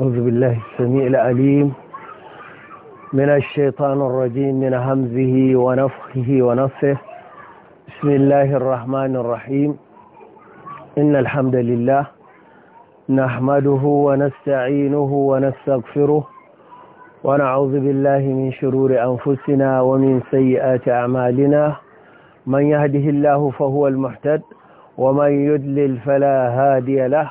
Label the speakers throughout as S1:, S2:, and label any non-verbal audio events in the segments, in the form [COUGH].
S1: أعوذ بالله السميع العليم من الشيطان الرجيم من همزه ونفخه ونفه بسم الله الرحمن الرحيم إن الحمد لله نحمده ونستعينه ونستغفره ونعوذ بالله من شرور أنفسنا ومن سيئات أعمالنا من يهده الله فهو المحتد ومن يدلل فلا هادي له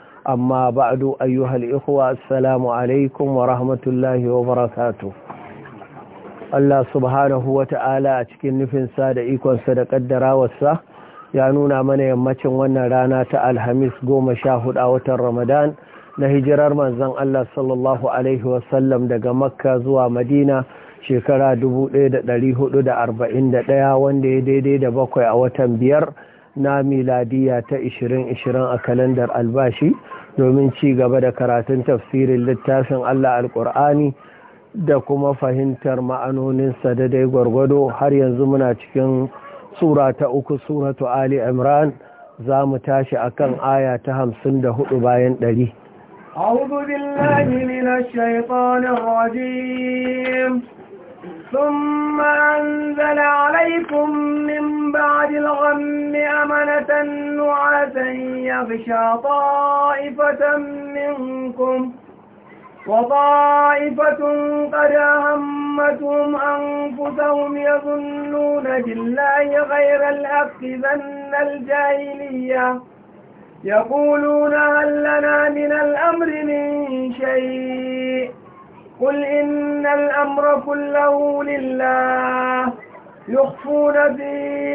S1: أما بعد أيها الإخوة السلام wa rahmatullahi wa وبركاته Allah subhanahu wa ta'ala a cikin nufinsa da ikonsa da ƙaddarawarsa ya nuna mana yammacin wannan rana ta Alhamis goma sha hudu a watan Ramadan na hijirar Manzon Allah sallallahu Alaihi sallam, daga Makka zuwa Madina shekara 1441 wanda ya daidai da bakwai a watan biyar na miladiya ta ishirin 2020 a kalandar albashi domin ci gaba da karatun tafsirin littafin Allah alkur'ani da kuma fahimtar ma'anoninsa da dai gwargwado har yanzu muna cikin sura ta uku suratu Ali Imran za mu tashi kan aya ta hamsin da hudu bayan ɗari.
S2: أعوذ بالله من الشيطان الرجيم ثم أنزل عليكم من بعد الغم أمنة نعاسا يغشى طائفة منكم وطائفة قد أهمتهم أنفسهم يظنون بالله غير الحق ظن الجاهلية يقولون هل لنا من الأمر من شيء قل إن الأمر كله لله يخفون في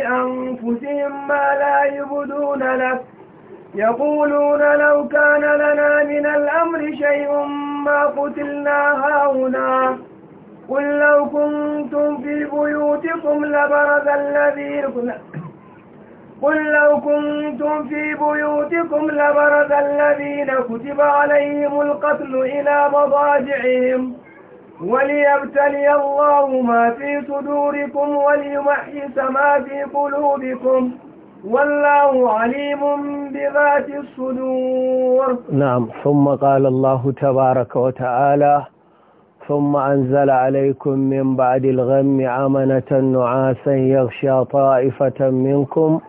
S2: أنفسهم ما لا يبدون لك يقولون لو كان لنا من الأمر شيء ما قتلنا هاهنا قل لو كنتم في بيوتكم لبرز الذين قل لو كنتم في بيوتكم لبرز الذين كتب عليهم القتل إلى مضاجعهم وليبتلي الله ما في صدوركم وليمحيس ما في قلوبكم والله عليم بذات الصدور
S1: نعم ثم قال الله تبارك وتعالى ثم أنزل عليكم من بعد الغم عمنة نعاسا يغشى طائفة منكم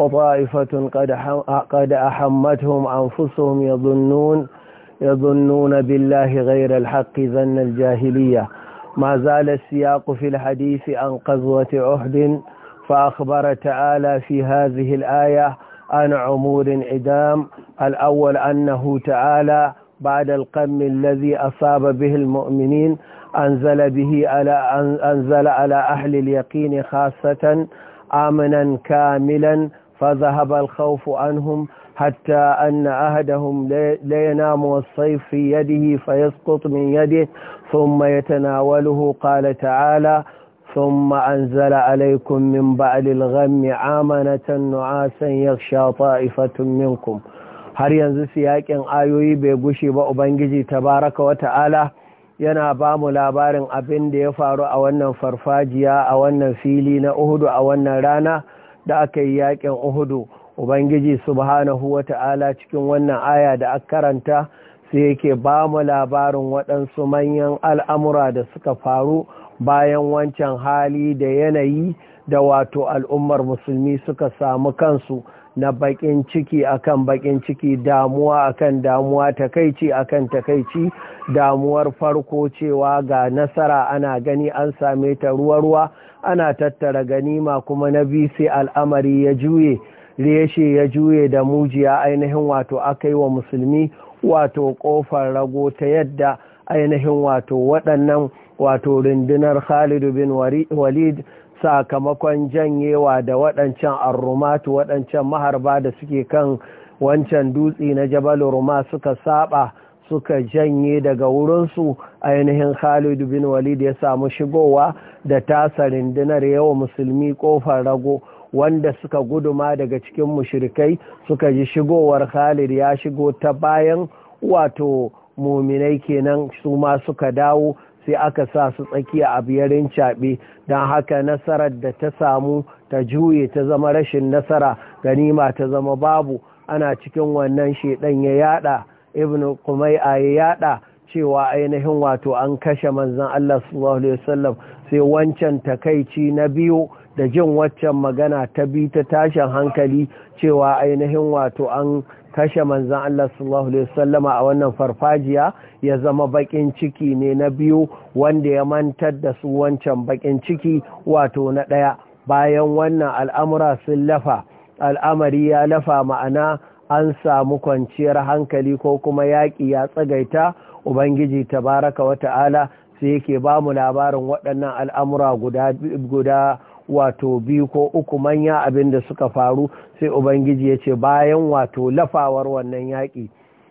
S1: وطائفة قد أحمتهم أنفسهم يظنون يظنون بالله غير الحق ظن الجاهلية ما زال السياق في الحديث عن قذوة عهد فأخبر تعالى في هذه الآية عن عمور عدام الأول أنه تعالى بعد القم الذي أصاب به المؤمنين أنزل به على أنزل على أهل اليقين خاصة آمنا كاملا فذهب الخوف عنهم حتى أن أهدهم لا ينام والصيف في يده فيسقط من يده ثم يتناوله قال تعالى ثم أنزل عليكم من بعد الغم عامنة نعاسا يغشى طائفة منكم har yanzu siyakin ayoyi bai gushe ba Ubangiji tabaraka wa ta'ala yana ba mu labarin abin da ya faru a wannan farfajiya a wannan fili na Uhudu a wannan rana da aka yi yaƙin uhudu ubangiji subhanahu wa ta'ala cikin wannan aya da aka karanta sai yake ba mu labarin waɗansu manyan al'amura da suka faru bayan wancan hali da yanayi da wato al'ummar musulmi suka samu kansu na bakin ciki akan bakin ciki damuwa akan damuwa takaici akan takaici damuwar farko cewa ga nasara ana gani an same ta ruwa-ruwa ana tattara ganima kuma na biyu sai al'amari ya juye reshe ya juye da mujiya ainihin wato aka yi wa musulmi wato kofar rago ta yadda ainihin wato waɗannan wato rundunar khalidu bin walid sakamakon janyewa da waɗancan arrumatu waɗancan maharba da suke kan wancan dutse na jabal ruma suka saba suka janye daga wurinsu ainihin Khalid bin Walid ya samu shigowa da tasa rindinar yawa musulmi kofar rago wanda suka guduma daga cikin mushrikai suka ji shigowar Khalid ya shigo ta bayan wato muminai kenan su ma suka dawo sai aka sa su tsakiya a biyarin caɓe don haka nasarar da ta samu ta juye ta zama rashin nasara ganima ta zama babu ana cikin wannan shedan ya yada ibn a ya yada cewa ainihin wato an kashe manzan Allah sallallahu alaihi wasallam sai wancan takaici na biyu da jin waccan magana ta bi ta tashin hankali cewa ainihin wato an kashe manzan Allah sallallahu Alaihi wasallam a wannan farfajiya ya zama bakin ciki ne na biyu wanda ya mantar da su wancan bakin ciki wato na ɗaya bayan wannan al'amura sun lafa al'amari ya lafa ma'ana an samu kwanciyar hankali ko kuma yaƙi ya tsagaita ubangiji tabaraka wa ta'ala sai yake ba mu labarin waɗannan al'amura guda wato biyu ko uku manya abin da suka faru sai ubangiji ya ce bayan wato lafawar wannan yaƙi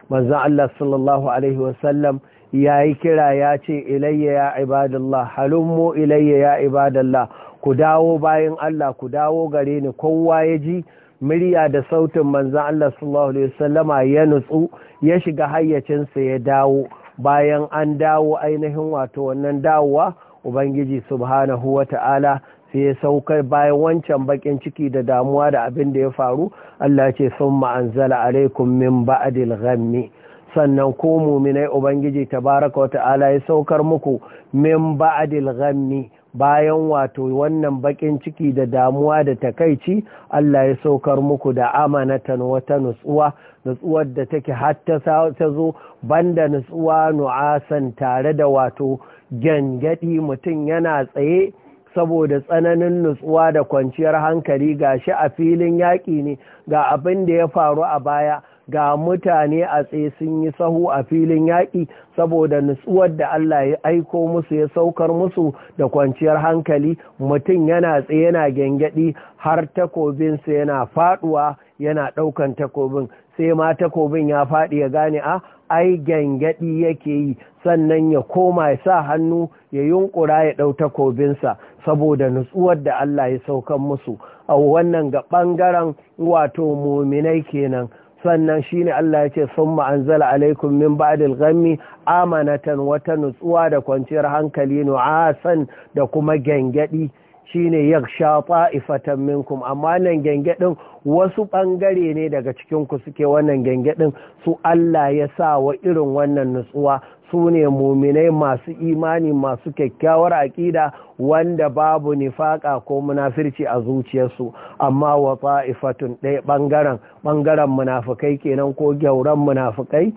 S1: manzan Allah sallallahu Alaihi wasallam ya yi kira ya ce ilayya ya ibadallah halummu ilayya ya ibadallah ku dawo bayan Allah ku dawo gare ni kowa ya ji murya da sautin manzan Allah sallallahu Alaihi wasallama ya nutsu ya shiga hayyacinsa ya dawo bayan an dawo ainihin wato wannan dawowa Ubangiji subhanahu wa ta'ala sai ya sauka bayan wancan bakin ciki da damuwa da abin da ya faru Allah ce sun ma'anzala alaikum min ba'adil ghammi sannan ko muminai Ubangiji tabaraka wa ta'ala ya saukar muku min ba'adil ghammi bayan wato wannan bakin ciki da damuwa da takaici Allah ya saukar muku da amanatan wata nutsuwa nutsuwar da take hatta ta zo banda nutsuwa nu'asan tare da wato gyangyaɗi mutum yana tsaye saboda tsananin nutsuwa da kwanciyar hankali ga shi a filin yaƙi ne ga abin da ya faru a baya ga mutane a tsaye sun yi sahu a filin yaƙi saboda nutsuwar da Allah ya aiko musu ya saukar musu da kwanciyar hankali mutum yana tsaye yana gyangyaɗi har takobinsa yana faɗuwa yana ɗaukan takobin sai ma takobin ya faɗi ya gane a ah, ai gyangyaɗi yake yi sannan ya koma ya sa hannu ya yunƙura ya ɗau takobinsa saboda nutsuwar da Allah ya saukar musu a wannan ga ɓangaren wato muminai kenan sannan shi ne Allah ya ce summa anzala alaikum min ba'adil gami amanatan wata nutsuwa da kwanciyar hankali nu'asan da kuma gangadi shine yaksha ta'ifatan minkum amma nan gangadin wasu ɓangare ne daga cikin ku suke wannan gangadin su Allah ya sa wa irin wannan nutsuwa su ne muminai masu imani masu kyakkyawar aƙida wanda babu nifaka ko munafirci a zuciyarsu amma wa ta'ifatun ɗaya ɓangaren ɓangaren munafukai kenan ko gyauran munafukai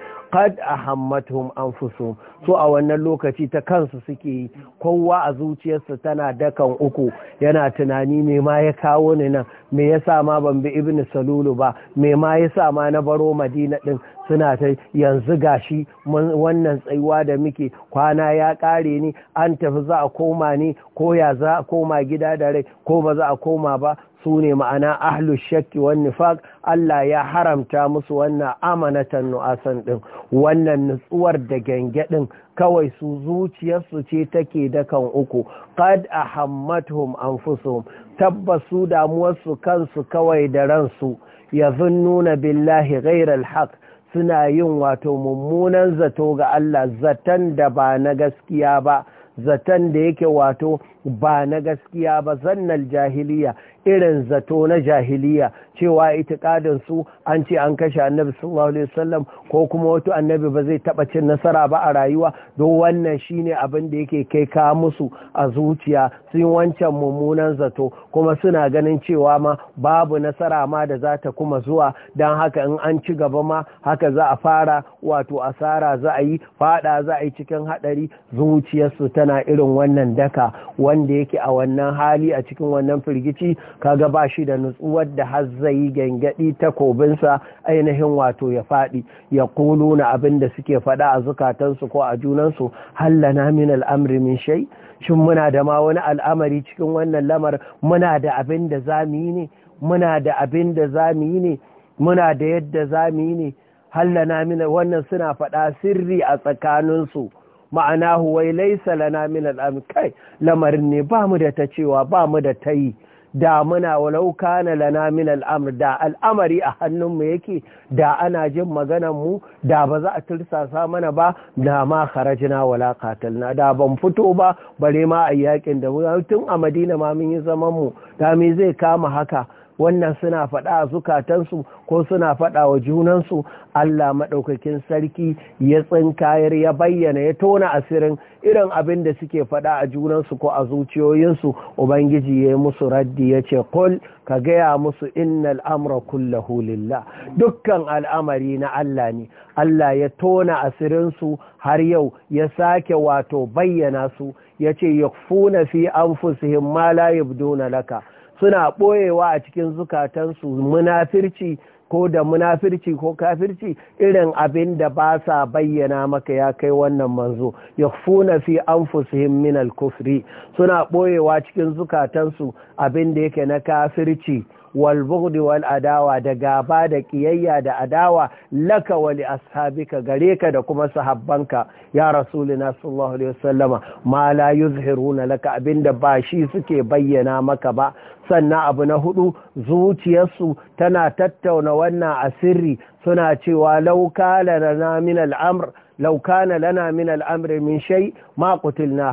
S1: a hammatun an fuso so a wannan lokaci ta kansu suke yi kowa a zuciyarsu tana dakan uku yana tunani me ma ya kawo ni nan me yasa ma ban bi ibn salulu ba me ma yasa ma na baro madina din suna ta yanzu gashi wannan tsayuwa da muke kwana ya kare ni an tafi za a koma ni ko ya za a koma gida da rai ko ba za a koma ba su ne ma'ana ahlu shakki wan nifaq Allah ya haramta musu wannan amanatan nu'asan ɗin, wannan nutsuwar da ɗin. kawai su zuciyarsu ce take dakan uku qad ahammatuhum anfusuhum tabbas su damuwarsu kansu kawai da ransu nuna billahi ghairal haq, suna yin wato mummunan zato ga Allah zaton da ba na gaskiya ba zaton da yake wato ba na gaskiya ba zannal jahiliya irin zato na jahiliya cewa itikadin su an ce an kashe annabi sallallahu alaihi wasallam ko kuma wato annabi ba zai taba cin nasara ba a rayuwa don wannan shine abin da yake kai ka musu a zuciya sun wancan mummunan zato kuma suna ganin cewa ma babu nasara ma da za ta kuma zuwa don haka in an ci gaba ma haka za a fara wato asara za a yi fada za a yi cikin hadari zuciyarsu tana irin wannan daka wanda yake a wannan hali a cikin wannan firgici kaga ba shi da nutsuwar da har zai yi gangadi ta kobinsa, ainihin wato ya faɗi ya kulu na abin da suke faɗa a zukatansu ko a junansu hallana min al'amri min shai shin muna da ma wani al'amari cikin wannan lamar muna da abin da za mu yi ne muna da abin da za mu yi ne muna da yadda za mu yi ne hallana min wannan suna faɗa sirri a tsakaninsu ma'ana huwai laisa lana min al'amri kai lamarin ne ba mu da ta cewa ba mu da ta yi da muna walau kana lana min al'amur. da al'amari a hannunmu yake da ana jin maganan mu da ba za a tursasa mana ba da ma na wala katalna. da ban fito ba bare ma a yakin da tun a Madina ma mun yi zaman mu da me zai kama haka wannan suna faɗa a zukatansu ko suna faɗa wa junansu Allah maɗaukakin sarki ya tsinkayar ya bayyana ya tona asirin irin abin da suke faɗa a junansu ko a zuciyoyinsu ubangiji ya yi musu raddi ya ce kul ka gaya musu innal amra kullahu lillah dukkan al'amari na Allah ne Allah ya tona asirinsu har yau ya sake wato bayyana su ya ce yakfuna fi anfusihim ma la yabduna laka suna ɓoyewa a cikin zukatansu munafirci ko da munafirci ko kafirci irin abin da ba sa bayyana maka ya kai wannan manzo ya funa fi an min al-kufri suna ɓoyewa cikin zukatansu abin da yake na kafirci wal wal adawa da gaba da kiyayya da adawa laka wa ashabika gare ka da kuma sahabbanka ya rasulina sallallahu alaihi wasallama ma la yuzhiruna laka abinda ba shi suke bayyana maka ba sannan abu na hudu zuciyarsu tana tattauna wannan asirri suna cewa lauka lana min al'amr لو كان min من الأمر من شيء ما قتلنا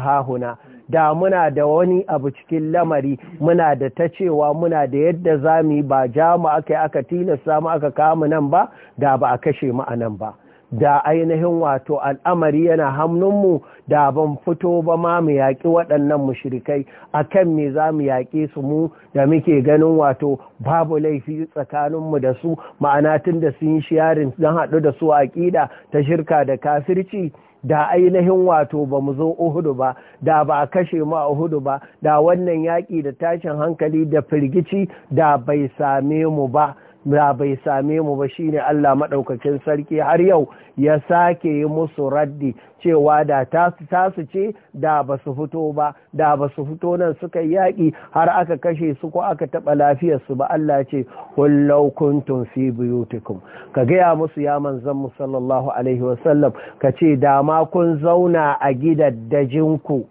S1: da muna da wani abu cikin lamari muna da ta cewa muna da yadda za mu yi ba ja mu aka yi aka tilasta mu aka mu nan ba da ba a kashe mu a nan ba da ainihin wato al'amari yana hannunmu da ban fito ba ma mu yaƙi waɗannan mushrikai a kan me za mu yaƙe su mu da muke ganin wato babu laifi tsakaninmu da su ma'ana tun da sun yi shiyarin don haɗu da su a ƙida ta shirka da kafirci da ainihin wato ba mu zo uhudu ba da ba a kashe mu a uhudu ba da wannan yaƙi da tashin hankali da firgici da bai same mu ba ba bai same mu ba shine Allah maɗaukacin sarki har yau ya sake yi musu raddi cewa da tasu tasu ce da ba su fito ba da ba su fito nan suka yaƙi har aka kashe su ko aka taɓa lafiyarsu ba Allah ce hullau kuntum fi buyutikum ka gaya musu ya manzan mu sallallahu alaihi wasallam ka ce da ma kun zauna a gidaddajinku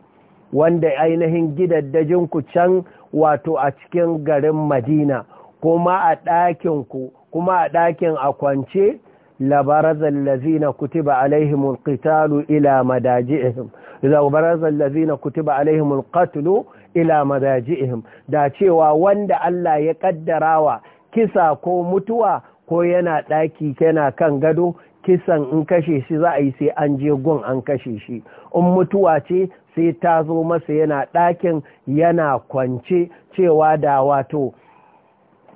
S1: wanda ainihin gidaddajinku can wato a cikin garin Madina kuma a ɗakinku kuma a ɗakin a kwance labarazan lazina kutiba alaihimul ƙitalu ila ihim labarazan lazina kutiba alaihimul ƙatulu ila ihim da cewa wanda Allah ya ƙaddarawa kisa ko mutuwa ko yana ɗaki yana kan gado kisan in kashe shi za a yi sai an je gun an kashe shi in mutuwa ce sai ta zo masa yana ɗakin yana kwance cewa da wato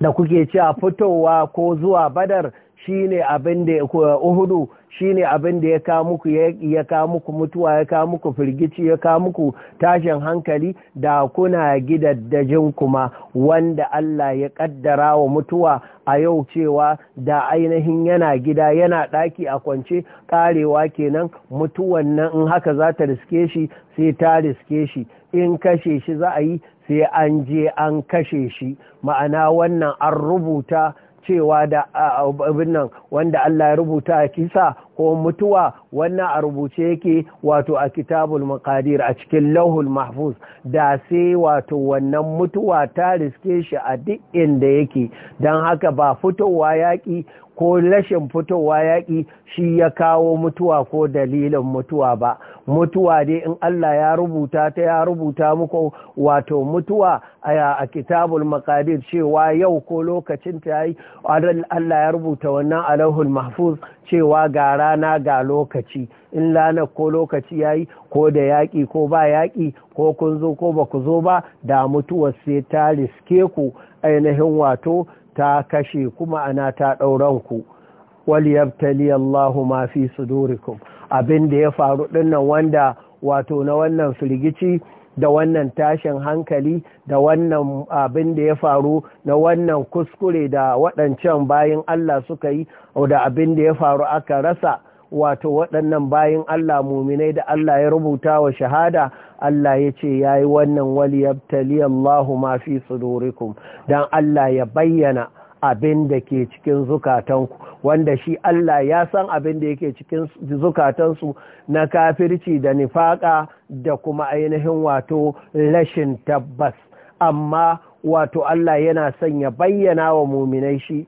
S1: da kuke a fitowa ko zuwa badar ne abin da uhudu shine abin da ya ka muku ya mutuwa ya ka muku firgici ya ka muku tashin hankali da kuna gidaddajin kuma wanda Allah ya kaddara wa mutuwa a yau cewa da ainihin yana gida yana daki a kwance karewa kenan mutuwan nan in haka za ta riske shi sai ta riske shi in kashe shi za a yi sai an je an kashe shi ma'ana wannan an rubuta cewa da abin nan wanda Allah ya rubuta a kisa ko mutuwa wannan a rubuce yake wato a kitabul maqadir a cikin lauhul mahfuz da sai wato wannan mutuwa ta riske shi a duk inda yake don haka ba fitowa yaƙi ko rashin fitowa yaƙi shi ya kawo mutuwa ko dalilin mutuwa ba mutuwa dai in Allah ya rubuta ta ya rubuta muku wato mutuwa a kitabul makadir cewa yau ko lokacin ta yi Allah ya rubuta wannan lauhun mahfuz cewa gara rana ga lokaci in ranar ko lokaci ya yi ko da yaƙi ko ba yaƙi ko kun zo ko ba ku zo ba da mutuwar sai ta riske ku ainihin wato ta kashe kuma ana ta ku waliyabtali Allah ma fi sudurikum abin da ya faru dinnan wanda wato na wannan firgici da wannan tashin hankali da wannan abin da ya faru na wannan kuskure da waɗancan bayan Allah suka yi da abin da ya faru aka rasa wato waɗannan bayin Allah muminai da Allah ya rubuta wa shahada Allah ya ce ya yi wannan tali Allahu ma fi sudurikum don Allah ya bayyana abin da ke cikin zukatanku wanda shi Allah ya san abin da yake cikin zukatansu na kafirci da nifaka da kuma ainihin wato rashin tabbas amma wato Allah yana son ya bayyana wa muminai shi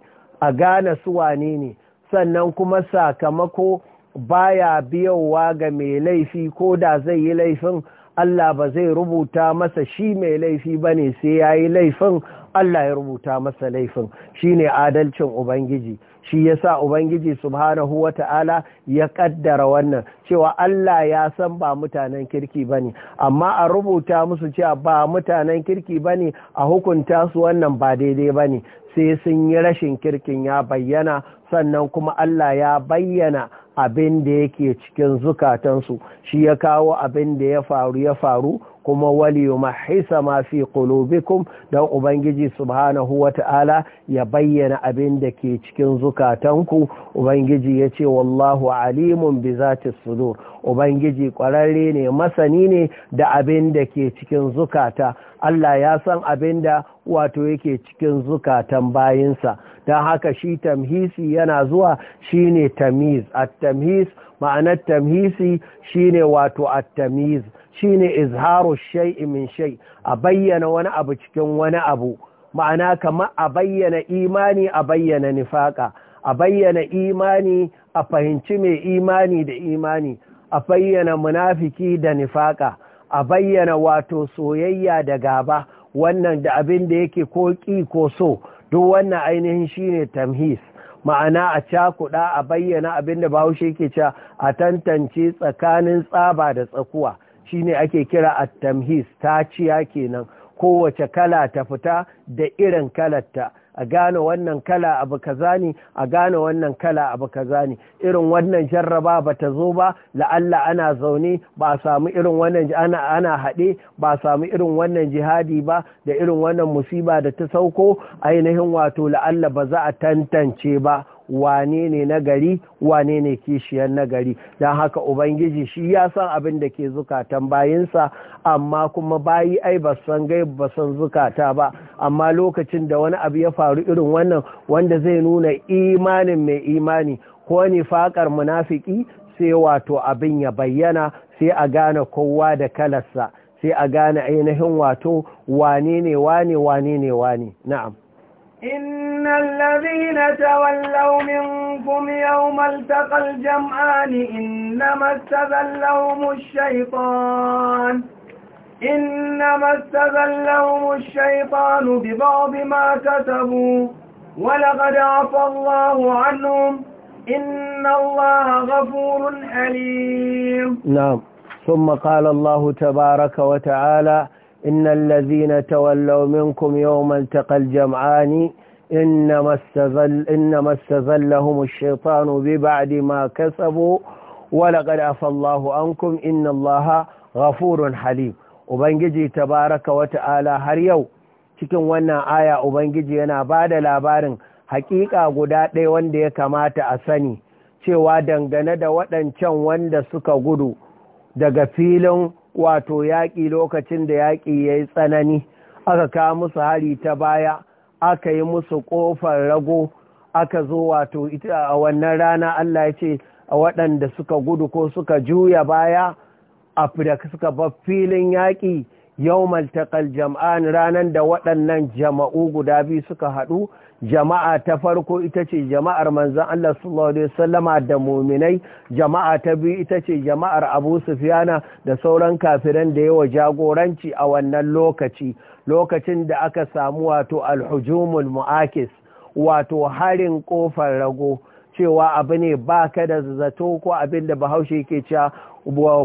S1: a gane su wane ne sannan kuma sakamako baya biyowa ga mai laifi ko da zai yi laifin Allah ba zai rubuta masa shi mai laifi ba ne sai ya yi laifin Allah ya rubuta masa laifin shi ne adalcin Ubangiji shi ya sa ubangiji subhanahu wa ta'ala ya ƙaddara wannan cewa Allah ya san ba mutanen kirki ba ne, amma a rubuta musu cewa ba mutanen kirki ba ne, a hukunta su wannan ba daidai ba ne, sai sun yi rashin kirkin ya bayyana sannan kuma Allah ya bayyana abin da yake cikin zukatansu shi ya kawo abin da ya faru ya faru kuma wali mahisa ma fi qulubikum dan ubangiji subhanahu wata'ala ya bayyana abin da ke cikin zukatanku ubangiji yace wallahu alimun bi zati sudur ubangiji ƙwararre ne masani ne da abin da ke cikin zukata Allah ya san abin da wato yake cikin zukatan bayinsa don haka shi tamhisi yana zuwa shine tamiz at-tamhis ma'anar tamhisi shine wato at-tamiz shine izharu shay'i min shay a bayyana wani abu cikin wani abu ma'ana kamar a bayyana imani a bayyana nifaka a bayyana imani a fahimci mai imani da imani a bayyana munafiki da nifaka a bayyana wato soyayya da gaba wannan da abin da yake ko ƙi ko so duk wannan ainihin shine tamhis ma'ana a cakuɗa a bayyana abin da bahaushe ke cewa a tantance tsakanin tsaba da tsakuwa Shi ne ake kira a tamhis taciya kenan kowace kala ta fita da irin kalarta a gane wannan kala abu kaza ne a gane wannan kala abu kaza ne irin wannan jarraba ba ta zo ba la'alla ana zaune ba a samu irin wannan ana ana haɗe ba a samu irin wannan jihadi ba da irin wannan musiba da ta sauko ainihin wato la'alla ba za a tantance ba wane ne nagari wane ne kishiyar nagari don haka ubangiji shi ya san abin da ke zukatan bayinsa amma kuma bayi ai ba san gai ba san zukata ba amma lokacin da wani abu ya faru irin wannan wanda zai nuna imanin mai imani ko nifakar munafiki sai wato abin ya bayyana sai a gane kowa da kalarsa sai a gane ainihin wato wane ne wane wane ne wane na'am
S2: إن الذين تولوا منكم يوم التقى الجمعان إنما استذلهم الشيطان إنما استذلهم الشيطان ببعض ما كسبوا ولقد عفى الله عنهم إن الله غفور حليم
S1: نعم ثم قال الله تبارك وتعالى إن الذين تولوا منكم يوم التقى الجمعان إنما استذلهم الشيطان ببعد ما كسبوا ولقد أفى الله أنكم إن الله غفور حليم ubangiji tabaraka wata'ala har yau cikin wannan aya ubangiji yana ba da labarin hakika guda ɗaya wanda ya kamata a sani cewa dangane da waɗancan wanda suka gudu daga filin wato yaƙi lokacin da yaƙi ya yi tsanani aka kawo musu hari ta baya aka yi musu ƙofar rago aka zo wato a wannan rana Allah ya ce a waɗanda suka gudu ko suka juya baya a da suka bar filin yaƙi yau maltaƙal jam'an ranar da waɗannan jama'u guda biyu suka haɗu jama'a ta farko ita ce jama'ar manzan Allah sallallahu Alaihi wasallama da muminai jama'a ta biyu ita ce jama'ar abu sufiyana da sauran kafiran da yawa jagoranci a wannan lokaci lokacin da aka samu wato alhujumul mu'akis wato harin kofar rago cewa abu ne ba ka da zato ko abin da bahaushe ke cewa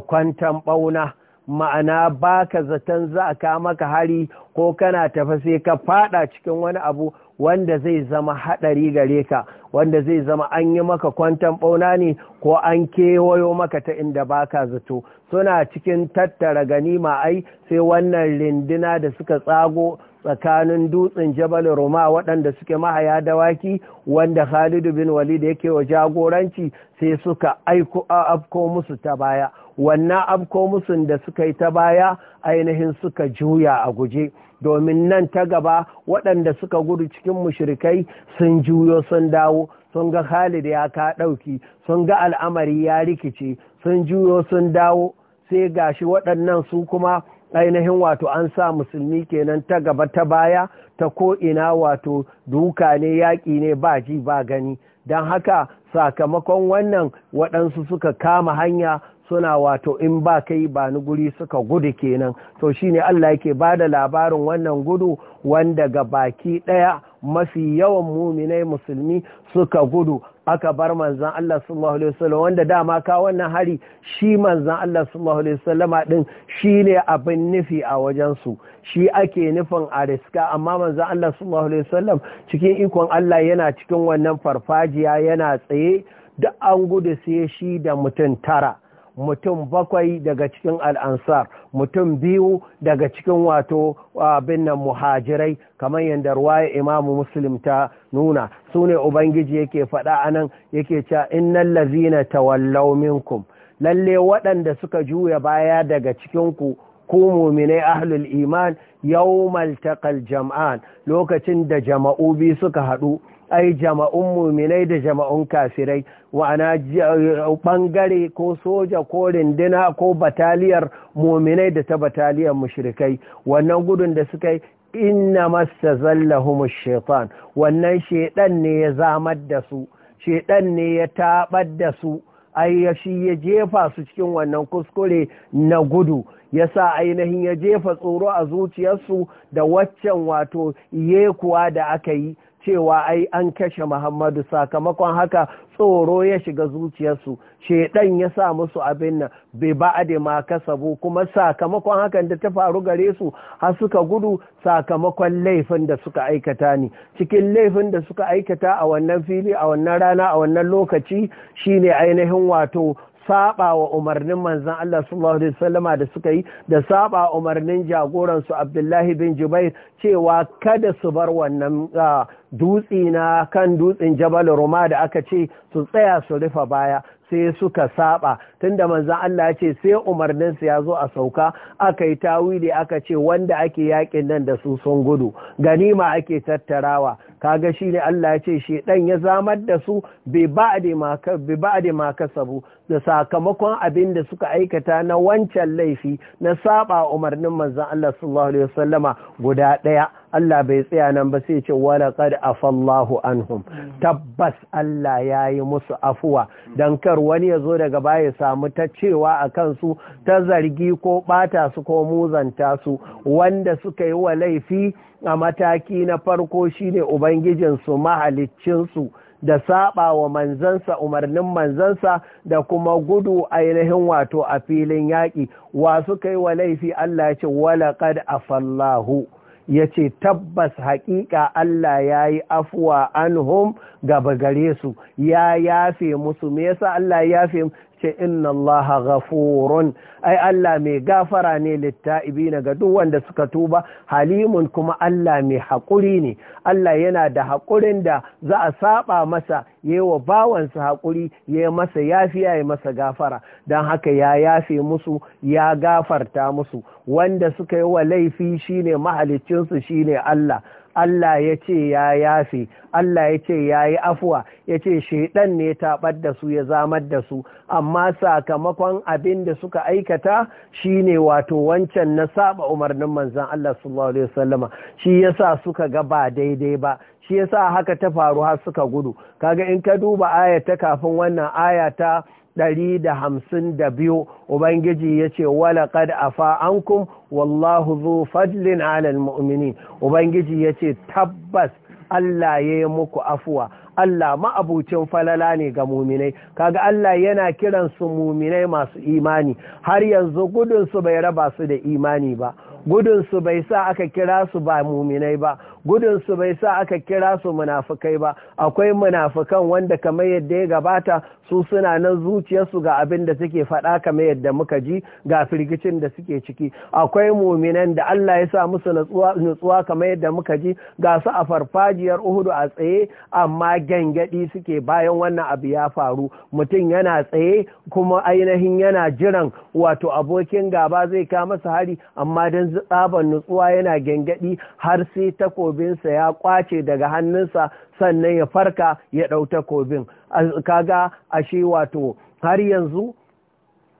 S1: kwantan bauna ma'ana ba ka zaton za a maka hari ko kana tafa sai ka fada cikin wani abu wanda zai zama haɗari gare ka wanda zai zama an yi maka kwantan ɓauna ne ko an kewayo maka ta inda baka zato suna cikin tattara ganima ai sai wannan rindina da suka tsago tsakanin dutsen jabal roma waɗanda suke mahaya dawaki wanda khalidu bin walid yake wa jagoranci sai suka aiko afko musu ta baya wannan afko musun da suka yi ta baya ainihin suka juya a guje domin nan ta gaba waɗanda suka gudu cikin mushrikai sun juyo sun dawo sun ga Khalid ya ka ɗauki sun ga al'amari ya rikice sun juyo sun dawo sai gashi waɗannan su kuma ainihin wato an sa musulmi kenan ta gaba ta baya ta ko'ina wato duka ne yaƙi ne ba ji ba gani don haka sakamakon wannan waɗansu suka kama hanya suna wato in ba kai ba ni guri suka gudu kenan to shine Allah yake bada labarin wannan gudu wanda ga baki daya mafi yawan muminai musulmi suka gudu aka bar manzan Allah sallallahu alaihi wasallam wanda dama ka wannan hari shi manzan Allah sallallahu alaihi wasallam din shine abin nufi a wajen su shi ake nufin a riska amma manzan Allah sallallahu alaihi wasallam cikin ikon Allah yana cikin wannan farfajiya yana tsaye da an gudu sai shi da mutum tara mutum bakwai daga cikin al'ansar mutum biyu daga cikin wato abin nan muhajirai kamar yadda ruwaya imamu muslim ta nuna su ne ubangiji yake faɗa anan yake cewa innan lazina tawallau minkum lalle waɗanda suka juya baya daga cikinku ku muminai ahlul iman yau maltaƙal jam'an lokacin da jama'u suka haɗu ai jama'un muminai da jama'un kafirai wa'ana bangare eh, ko soja ko rindina ko bataliyar muminai da ta bataliyar mushrikai wannan gudun da suka yi inna masta zallahum shaitan wannan shaidan ne ya zamar da su shaidan ne ya tabar da su ai shi ya jefa su cikin wannan kuskure na gudu ya sa ainihin ya jefa tsoro a zuciyarsu da waccan wato yekuwa da aka yi cewa ai an kashe Muhammadu sakamakon haka tsoro ya shiga zuciyarsu shedan ya sa musu abin nan bai ba a ma kasabu kuma sakamakon hakan da ta faru gare su har suka gudu sakamakon laifin da suka aikata ne cikin laifin da suka aikata a wannan fili a wannan rana a wannan lokaci shine ainihin wato saba wa umarnin manzan Allah sallallahu alaihi wasallama da suka yi da saba umarnin jagoransu Abdullahi bin Jubair cewa kada su bar wannan dutsi na kan dutsen Jabal Roma da aka ce su tsaya su rufe baya sai suka saba tunda manzan Allah ya ce sai umarninsu ya zo a sauka aka yi tawili aka ce wanda ake yakin nan da su sun gudu ganima ake tattarawa kaga ne Allah ya ce shi dan ya zamar da su bi ba'di ma bi ba'di ma sabu da sakamakon abin da suka aikata na wancan laifi na saba umarnin manzon Allah sallallahu alaihi wasallama guda daya Allah bai tsaya nan ba sai ce wala qad afallahu anhum tabbas Allah yayi musu afuwa dan kar wani ya zo daga baya ya samu ta cewa akan su ta zargi ko bata su ko muzanta su wanda suka yi wa laifi a mataki na farko shine ubangijin ubangijinsu mahaliccinsu da saba wa manzansa umarnin manzansa da kuma gudu ainihin wato a filin yaƙi wa suka yi wa laifi Allah ya ce walaƙad afallahu ya ce tabbas haƙiƙa Allah ya yi afuwa anhum gaba gare su ya yafe musu me yasa Allah ya yafe ce inna allaha ghafurun ai Allah mai gafara ne na ga duk wanda suka tuba halimun kuma Allah mai haƙuri ne Allah yana da haƙurin da za a saba masa yewa bawansa hakuri ya masa yafiya ya masa gafara dan haka ya yafe musu ya gafarta musu wanda suka yi wa laifi shine mahalicinsu shine Allah Allah ya ce ya yafe Allah ya ce ya yi afuwa ya ce shaiɗan ne taɓar da su ya zamar da su amma sakamakon abin da suka aikata shine wato wancan na saba umarnin manzan Allah sallallahu alaihi wasallama shi yasa suka ga ba daidai ba shi ya sa haka ta faru har suka gudu kaga in ka duba aya ta kafin wannan aya ta ɗari da hamsin da biyu ubangiji ya ce walaƙad afa ankum wallahu zu fadlin alal mu'mini ubangiji yace tabbas Allah ya yi muku afuwa Allah ma'abucin falala ne ga muminai kaga Allah yana kiransu muminai masu imani har yanzu gudunsu bai raba su da imani ba gudunsu bai sa aka kira su ba muminai ba Gudunsu bai sa aka kira su munafukai ba akwai munafukan wanda kamar yadda ya gabata su suna nan zuciyarsu ga abin da suke faɗa kamar yadda muka ji ga firgicin da suke ciki akwai muminan da Allah ya sa musu nutsuwa kamar yadda muka ji ga su a farfajiyar Uhudu a tsaye amma gyangyaɗi suke bayan wannan abu ya faru mutum yana tsaye kuma ainihin yana jiran wato abokin gaba zai kama masa hari amma don tsaban nutsuwa yana gyangyaɗi har sai takobi takobinsa ya kwace daga hannunsa sannan ya farka ya ɗau takobin kaga ashe wato har yanzu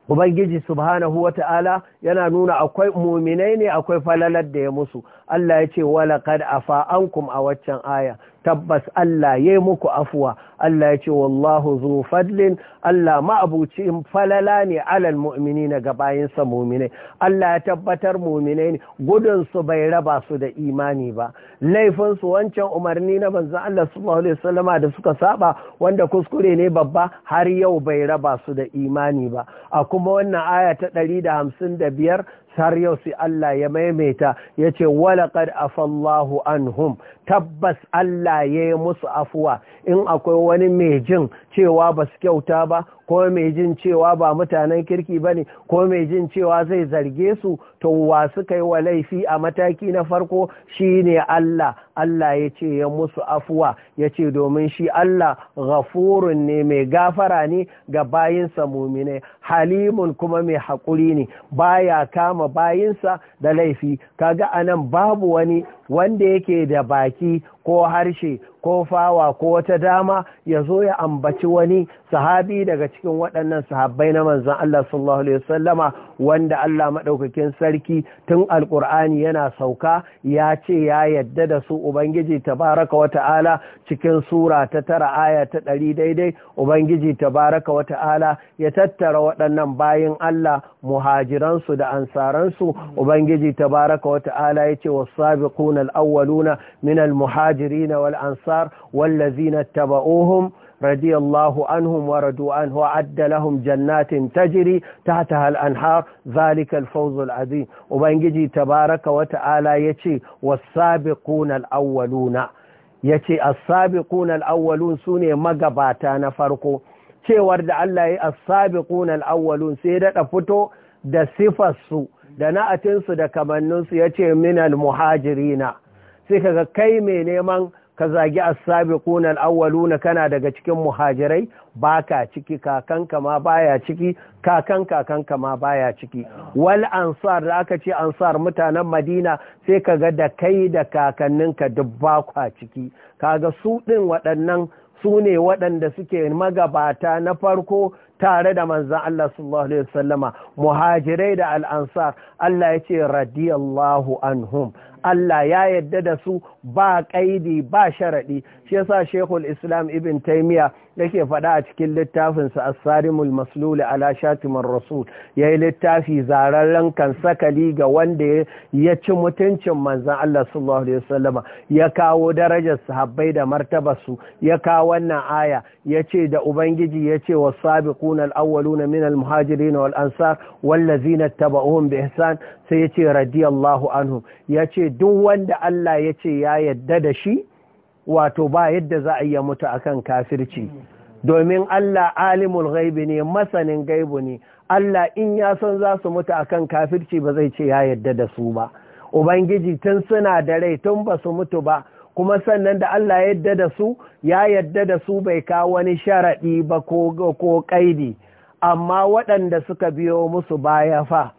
S1: Ubangiji subhanahu wa ta'ala yana nuna akwai muminai ne akwai falalar da ya musu, Allah ya ce, Wala kad afa ankum a waccan aya, tabbas Allah ya yi muku afuwa Allah ya ce wallahu zu fadlin Allah ma'abucin falala ne alal na ga bayansa mu'minai Allah ya tabbatar mu'minai ne gudun bai raba su da imani ba Laifinsu wancan umarni na banza Allah sallallahu alaihi da suka saba wanda kuskure ne babba har yau bai raba su da imani ba a kuma wannan aya ta 155 har yau sai Allah ya maimaita ya ce walaƙar afallahu anhum tabbas Allah ya yi musu afuwa in akwai wani mai jin cewa ba su kyauta ba ko mai jin cewa ba mutanen kirki ba ne ko mai jin cewa zai zarge su to wa suka yi wa laifi a mataki na farko Shi ne Allah Allah ya ce ya musu afuwa ya ce domin shi Allah ghafurun ne mai gafara ne ga bayinsa mumine halimun kuma mai haƙuri ne baya kama bayinsa da laifi kaga anan babu wani wanda yake da baki ko harshe ko fawa ko wata dama ya zo ya ambaci wani sahabi daga cikin waɗannan sahabbai na manzan Allah sallallahu Alaihi wasallama wanda Allah maɗaukakin sarki tun alƙur'ani yana sauka ya ce ya yadda da su Ubangiji tabaraka waTa'ala, cikin sura ta tara aya ta ɗari daidai Ubangiji tabaraka waTa'ala, ya tattara waɗannan bayin Allah muhajiransu da ansaransu Ubangiji tabaraka waTa'ala, ta'ala ya ce wasu sabiquna al-awwaluna min al-muhajirina wal ansar والأنصار والذين اتبعوهم رضي الله عنهم وردوا عنه وعد لهم جنات تجري تحتها الأنهار ذلك الفوز العظيم وبنجي تبارك وتعالى يتي والسابقون الأولون يتي السابقون الأولون سوني مقباتان فرقوا cewar da Allah ya asabiquna alawwalun sai da fito da sifarsu da na'atinsu da kamanninsu yace minal muhajirina sai kaga kai mai neman ka zagi asabi kunan awwaluna kana daga cikin muhajirai baka ciki kakanka ma baya ciki kakan kakanka ma baya ciki wal ansar da aka ce ansar mutanen Madina sai ka ga da kai da kakanninka duk kwa ciki kaga su din waɗannan su ne waɗanda suke magabata na farko tare da manzan Allah sallallahu Alaihi wasallama muhajirai da al'ansar Allah ya ce radiyallahu anhum Allah ya yadda da su ba ƙaidi ba sharaɗi shi yasa Sheikhul Islam Ibn Taymiyyah yake faɗa a cikin littafinsa as-sarimul maslul ala shatimar rasul yayi littafi zararren kan sakali ga wanda ya ci mutuncin manzon Allah sallallahu alaihi wasallama ya kawo darajar sahabbai da martabarsu ya kawo wannan aya yace da ubangiji yace was-sabiquna al-awwaluna min al wal ansar wallazina tabauhum bi ihsan sai yace radiyallahu anhum yace duk wanda Allah yace ya yadda da shi wato ba yadda za a yi mutu akan kafirci domin Allah alimul gaibi ne masanin gaibu ne Allah in ya san za su mutu akan kafirci ba zai ce ya yadda da su ba ubangiji tun suna da rai tun ba su mutu ba kuma sannan da Allah yadda da su ya yadda da su bai kawo wani sharaɗi ba ko ka'idi. amma waɗanda suka biyo musu baya fa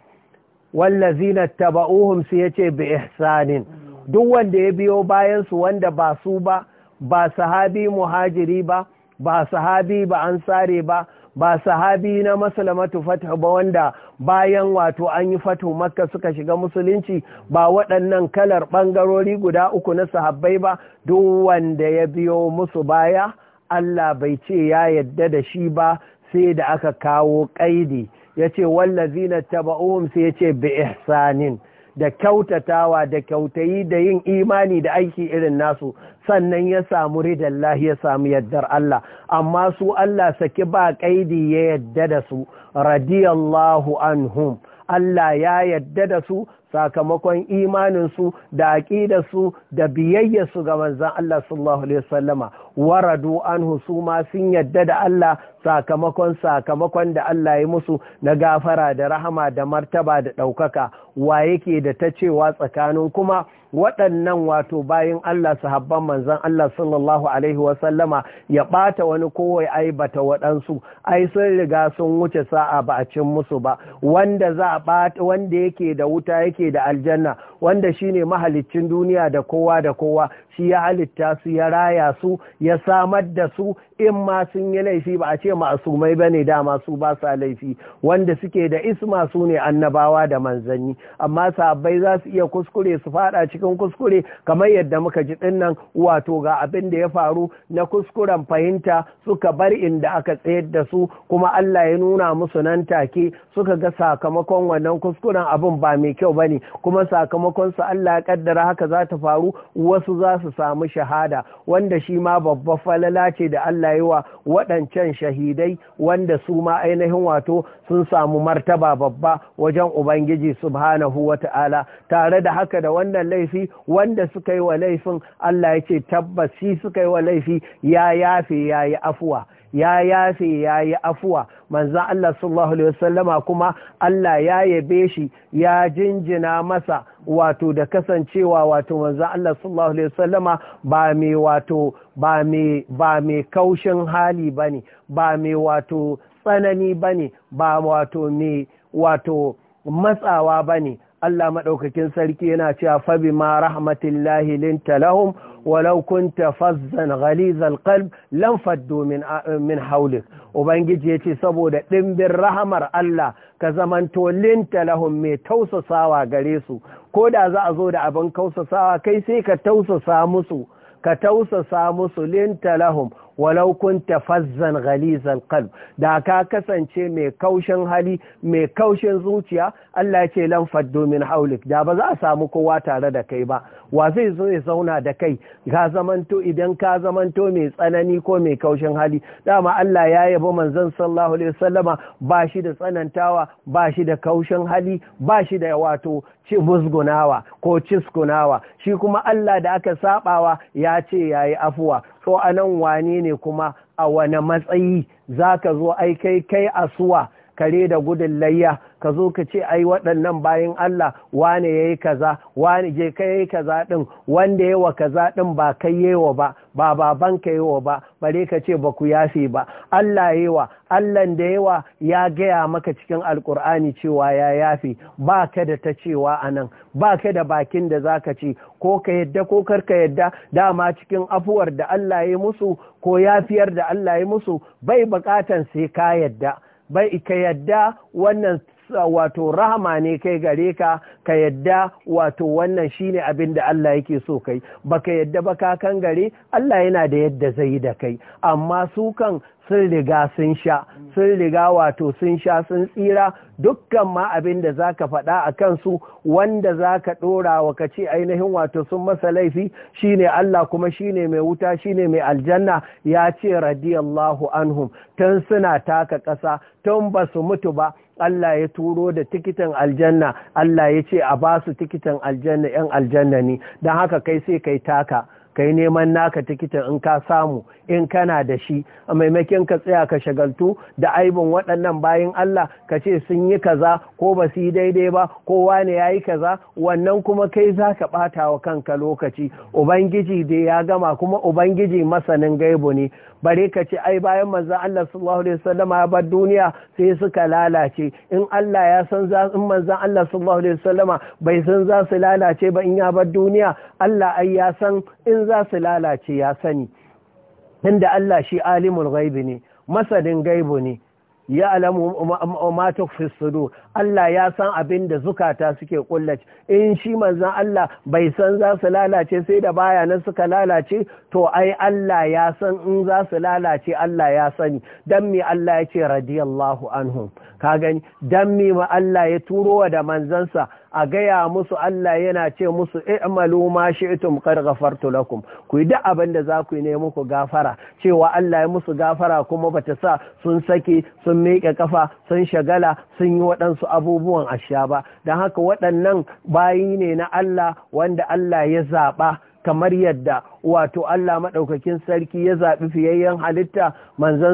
S1: wallazina taba'uhum su yace bi ihsanin duk wanda ya biyo bayansu wanda ba su ba ba sahabi muhajiri ba ba sahabi ba ansare ba ba sahabi na masalamatu fatah ba wanda bayan wato an yi fatu makka suka shiga musulunci ba waɗannan kalar ɓangarori guda uku na sahabbai ba duk wanda ya biyo musu baya Allah bai ce ya yadda da shi ba sai da aka kawo ƙaidi ya ce wallazina taba'uhum sai ya ce bi ihsanin da kyautatawa da kyautayi da yin imani da aiki irin nasu sannan ya samu ridallahi ya samu yaddar Allah amma su Allah saki ba kaidi ya yadda da su radiyallahu anhum Allah ya yadda da su sakamakon imaninsu da aƙidarsu da biyayyarsu ga manzon Allah sallallahu Alaihi wasallama waradu anhu su ma sun yadda da Allah sakamakon sakamakon da Allah ya musu na gafara da rahama da martaba da ɗaukaka wa yake da ta cewa tsakanin kuma waɗannan wato bayan Allah su habban manzan Allah sallallahu Alaihi wasallama ya ɓata wani kowai bata waɗansu ai sun riga sun wuce sa'a ba a cin musu ba wanda za a ɓata wanda yake da wuta yake da aljanna wanda shine mahaliccin duniya da kowa da kowa shi ya halitta su ya raya su ya ya samar da su in ma sun yi laifi ba a ce ma'asumai ba ne dama su ba sa laifi wanda suke da isma su ne annabawa da manzanni amma sabai za su iya kuskure su fada cikin kuskure kamar yadda muka ji dinnan wato ga abin da ya faru na kuskuren fahimta suka bar inda aka tsayar da su kuma Allah ya nuna musu nan take suka ga sakamakon wannan kuskuren abin ba mai kyau bane kuma sakamakon su Allah ya kaddara haka za ta faru wasu za su samu shahada wanda shi ma babbar falala ce da Allah Allah yi wa waɗancan shahidai wanda su ma ainihin wato sun samu martaba babba wajen Ubangiji subhanahu wa ta'ala tare da haka da wannan laifi wanda suka yi wa laifin Allah ya ce tabbas shi suka yi wa laifi ya yafe ya yi afuwa ya yafe ya yi afuwa manzan Allah sallallahu Alaihi wasallama kuma Allah ya yabe shi ya jinjina masa wato da kasancewa wato manzan Allah sallallahu Alaihi wasallama ba mai wato ba mai kaushin hali ba ne ba mai wato tsanani ba ne ba wato mai wato matsawa ba ne Allah maɗaukakin sarki yana cewa fabi ma rahmatillahi linta lahum walau kunta fazzan ghalizal qalb lam faddu min min hawlik ubangiji yace saboda ɗimbin rahamar Allah ka zamanto linta lahum mai tausasawa gare su ko da za a zo da abin kausasawa kai sai ka tausasa musu lintalahum. walau kun tafazzan ghalizal qalb da ka kasance mai kaushin hali mai kaushin zuciya Allah ce lan faddu min haulik da ba za a samu kowa tare da kai ba wa zai zo ya zauna da kai ga zamanto idan ka zamanto mai tsanani ko mai kaushin hali dama Allah ya yabo manzon sallallahu alaihi wasallama ba shi da tsanantawa ba shi da kaushin hali ba shi da wato ci musgunawa ko ciskunawa shi kuma Allah da aka sabawa ya ce yayi afuwa so anan wane ne kuma a wane matsayi zaka zo aikai kai asuwa kare da gudun layya ka zo ka ce ai waɗannan bayan Allah wane yayi kaza wane je ka yi kaza ɗin. wanda yawa kaza ɗin ba kai yawa ba ba baban ka yawa ba bare ka ce ba ku yafe ba Allah yawa Allah da yawa ya gaya maka cikin alkur'ani cewa ya yafi. ba ka da ta cewa anan ba ka da bakin da za ka ce ko ka yadda ko kar ka yadda dama cikin afuwar da Allah ya musu ko yafiyar da Allah ya musu bai bukatan sai ka yadda bai ka yadda wannan wato rahama ne kai gare ka ka yadda wato wannan shine abin da Allah yake so kai baka yadda ba kakan gare Allah yana da yadda zai da kai amma su kan sun riga sun sha sun riga wato sun sha sun tsira dukkan ma abin da za ka faɗa a kansu wanda za ka ɗora wa ka ce ainihin wato sun masa laifi shine Allah kuma shine mai wuta shine mai aljanna ya ce radiyallahu anhum tun suna taka ƙasa tun ba su mutu ba Allah ya turo da tikitin aljanna Allah ya ce a ba su tikitin aljanna yan aljanna ne don haka kai sai kai taka kai neman naka tikitin in ka samu in kana da shi a maimakon ka tsaya ka shagaltu da aibin waɗannan bayan Allah ka ce sun yi kaza ko ba su yi daidai ba kowa ne ya yi kaza wannan kuma kai za ka ɓata wa kanka lokaci ubangiji dai ya gama kuma ubangiji masanin gaibu ne bare ka ce ai bayan manzon Allah sallallahu alaihi wasallam ya bar duniya sai suka lalace in Allah ya san za in manzon Allah sallallahu alaihi wasallama bai san za su lalace ba in ya bar duniya Allah ai ya san in za su lalace ya sani tunda Allah shi alimul ghaibi ne Masadin gaibu ne ya alamu ma tukfi Allah ya san abin da zukata suke kullace in shi manzon Allah bai san za su lalace sai da baya nan suka lalace to ai Allah ya san in za su lalace Allah ya sani dan me Allah ya ce radiyallahu anhum ka gani dan me Allah ya turo wa da manzansa a gaya musu Allah yana ce musu i'malu ma shi'tum qad ghafartu lakum ku yi duk abin za ku ne muku gafara cewa Allah ya musu gafara kuma bata sa sun saki, sun miƙe kafa sun shagala sun yi waɗansu abubuwan asha ba don haka waɗannan bayi ne na Allah wanda Allah ya zaɓa kamar yadda wato Allah maɗaukakin sarki ya zaɓi fiyayyen halitta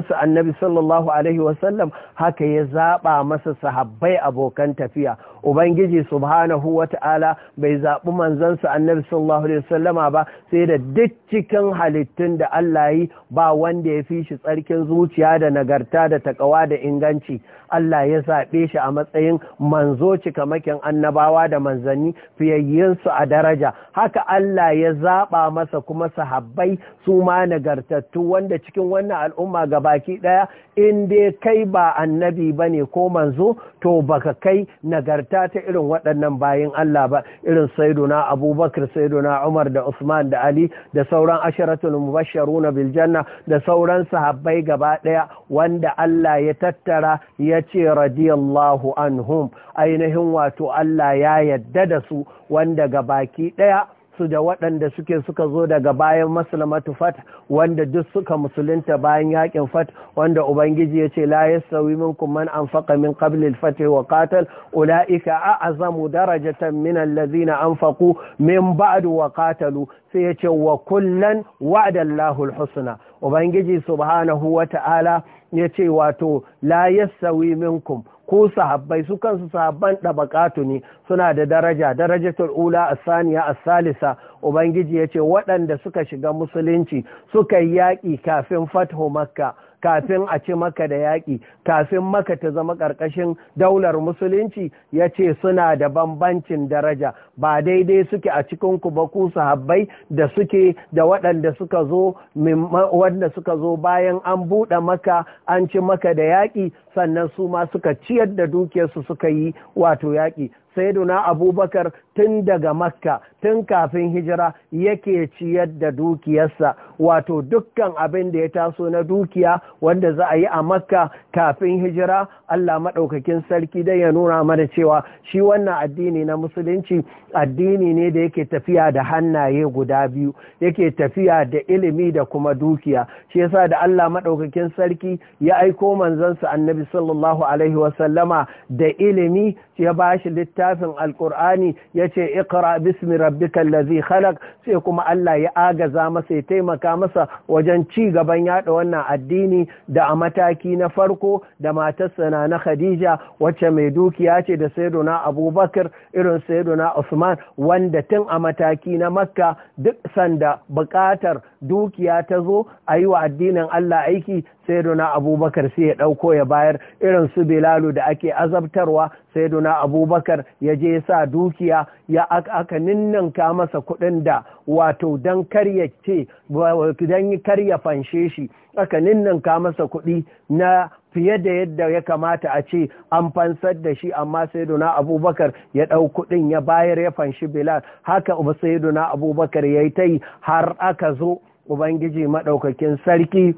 S1: su annabi sallallahu alaihi wasallam haka ya zaɓa masa sahabbai abokan tafiya ubangiji subhanahu wa ta'ala bai zaɓi manzansa annabi sallallahu alaihi wasallama ba sai da duk cikin halittun da Allah yi ba wanda ya fi shi tsarkin zuciya da nagarta da taƙawa da inganci Allah ya zaɓe shi a matsayin manzo cikamakin annabawa da manzanni fiyayyensu a daraja haka Allah ya zaɓa masa kuma sahabbai su ma nagartattu wanda cikin wannan al'umma ga baki ɗaya in dai kai ba annabi ba ne ko manzo to baka kai nagarta nagarta ta irin waɗannan bayin Allah ba irin saiduna abubakar saiduna umar da usman da ali da sauran asharatul mubashsharuna bil janna da sauran sahabbai gaba ɗaya wanda Allah ya tattara ya ce radiyallahu anhum ainihin wato Allah ya yadda da su wanda ga baki ɗaya su da waɗanda suke suka zo daga bayan maslamatu fat wanda duk suka musulunta bayan yakin fat wanda ubangiji ya ce la yasawi minkum man anfaqa min qabli al-fath wa qatal ulaika a'zamu darajatan min alladhina anfaqu min ba'du wa qatalu sai ya ce wa kullan wa'ada Allahu al-husna ubangiji subhanahu wa ta'ala ya ce wato la yasawi minkum ko sahabbai su kansu sahabban ɗabaƙatu ne suna da daraja darajatul ula asaniya asalisa ubangiji ya ce waɗanda suka shiga musulunci suka yi yaƙi kafin fatho makka kafin a ci maka da yaƙi kafin maka ta zama ƙarƙashin daular musulunci ya ce suna da bambancin daraja ba daidai suke a cikin ku ba ku sahabbai da suke da waɗanda suka zo wanda suka zo bayan an buɗe maka an ci maka da yaƙi sannan su ma suka ciyar da dukiyarsu suka yi wato yaƙi saiduna abubakar tun daga makka tun kafin hijira yake ciyar da dukiyarsa wato dukkan abin da ya taso na dukiya wanda za a yi a makka kafin hijira allah maɗaukakin sarki dai ya nuna mana cewa shi wannan addini na musulunci addini ne da yake tafiya da hannaye guda biyu yake tafiya da ilimi da kuma dukiya shi yasa da allah maɗaukakin sarki ya aiko manzansa annabi sallallahu alaihi wasallama da ilimi ya ba shi littafin alkur'ani ya ce ikra bismi rabbikal ladzi khalaq sai kuma Allah ya agaza masa ya taimaka masa wajen ci gaban yada wannan addini da a mataki na farko da matarsa na na Khadija wacce mai dukiya ce da sayyiduna Abubakar irin sayyiduna Usman wanda tun a mataki na Makka duk sanda bukatar dukiya ta zo a yi wa addinin Allah aiki sayyiduna abubakar sai ya ɗauko ya bayar irin su bilalu da ake azabtarwa sayyiduna abubakar ya je sa dukiya ya aka ninninka masa kuɗin da wato don karya ce don karya fanshe shi aka ninninka masa kuɗi na fiye da yadda ya kamata a ce an fansar da shi amma sayyiduna abubakar ya ɗau kuɗin ya bayar ya fanshi bilal haka sayyiduna abubakar ya yi ta yi har aka zo ubangiji maɗaukakin sarki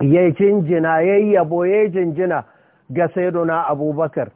S1: ya jinjina ya yi yabo ya yi jinjina ga sayyiduna abubakar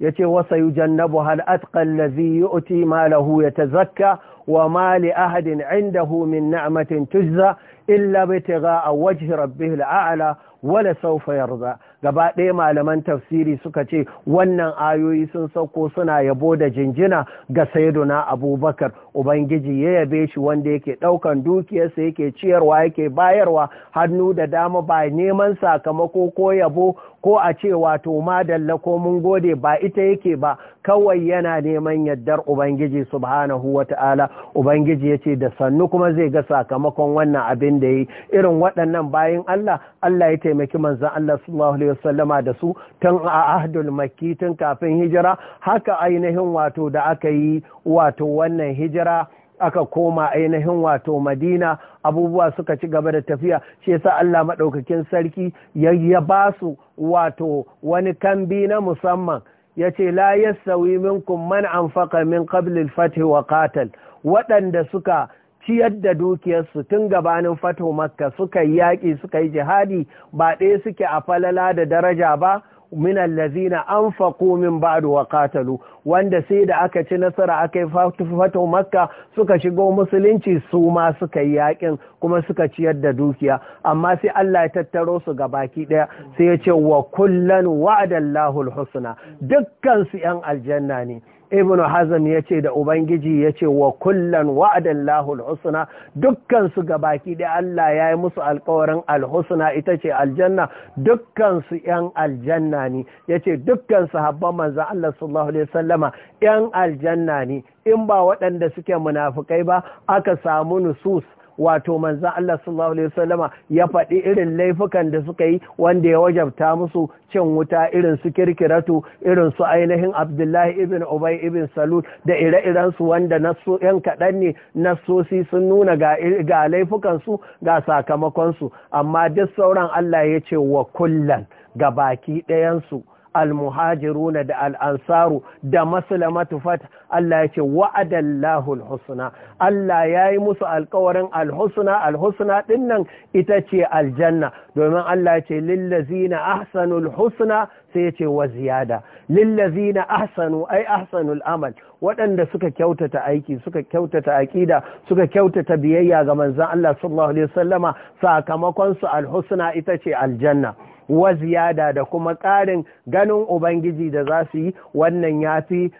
S1: ya ce wasa yi jannabu hal'atƙan lazi yi uti malahu ya ta zakka wa mali ahadin indahu min na'amatin tujza illa bai ta ga a wajen rabbi al'a'ala wala saufa yarda gaba ɗaya malaman tafsiri suka ce wannan ayoyi sun sauko suna yabo da jinjina ga sayyiduna abubakar ubangiji ya yabe shi wanda yake ɗaukan dukiyarsa yake ciyarwa yake bayarwa hannu da dama ba neman sakamako ko yabo ko a ce wato madalla ko mun gode ba ita yake ba kawai yana neman yaddar ubangiji subhanahu wata'ala ubangiji ya ce da sannu kuma zai ga sakamakon wannan abin da yi irin waɗannan bayan Allah Allah ya taimaki manzan Allah sallallahu alaihi wasallama da su tun a ahdul makki tun kafin hijira haka ainihin wato da aka yi wato wannan hijira aka koma ainihin wato madina abubuwa suka ci gaba da tafiya shi yasa Allah maɗaukakin sarki ya ba su wato wani kambi na musamman ya ce la yasawi minkum man anfaqa min qabli al-fath wa qatal waɗanda suka ciyar da dukiyarsu tun gabanin fato makka suka yi yaƙi suka yi jihadi ba ɗaya suke a falala da daraja ba min allazina anfaqu min ba'du wa qatalu wanda sai da aka ci nasara aka yi makka suka shigo musulunci su ma suka yi yakin kuma suka ciyar da dukiya amma sai Allah ya tattaro su ga baki daya sai ya ce wa kullan wa'adallahu alhusna dukkan su yan aljanna ne ibn hazm ya ce da ubangiji ya ce wa kullan wa'adan lahul husna dukkansu gabaki da Allah ya yi musu alkawarin alhusna ita ce aljanna dukkansu ‘yan aljanna ne ya ce dukkansu habban manzan Allah sallallahu Alaihi wasallama ‘yan aljanna ne in ba waɗanda suke munafukai ba aka samu nusus wato manzan Allah sallallahu alaihi wasallama ya faɗi irin laifukan da suka yi wanda ya wajabta musu cin wuta irin su kirkiratu irin su ainihin Abdullahi ibn Ubay ibn Salul da ire-iren su wanda nasu yan kaɗan ne nasosi sun nuna ga laifukan su ga sakamakon su amma duk sauran Allah ya ce wa kullan ga baki ɗayan su almuhajiruna da al'ansaru da maslamatu fat Allah ya ce wa'adallahu l-husna. Allah ya yi musu alkawarin husna alhusna nan ita ce aljanna domin Allah ya ce lillazina ahsanul husna sai ya ce wa ziyada lillazina ahsanu ai ahsanul amal waɗanda suka kyautata aiki suka kyautata aƙida suka kyautata biyayya ga manzon Allah sallallahu alaihi wasallama sakamakon su alhusna ita ce aljanna wa ziyada da kuma ƙarin ganin Ubangiji da za su yi wannan ya fi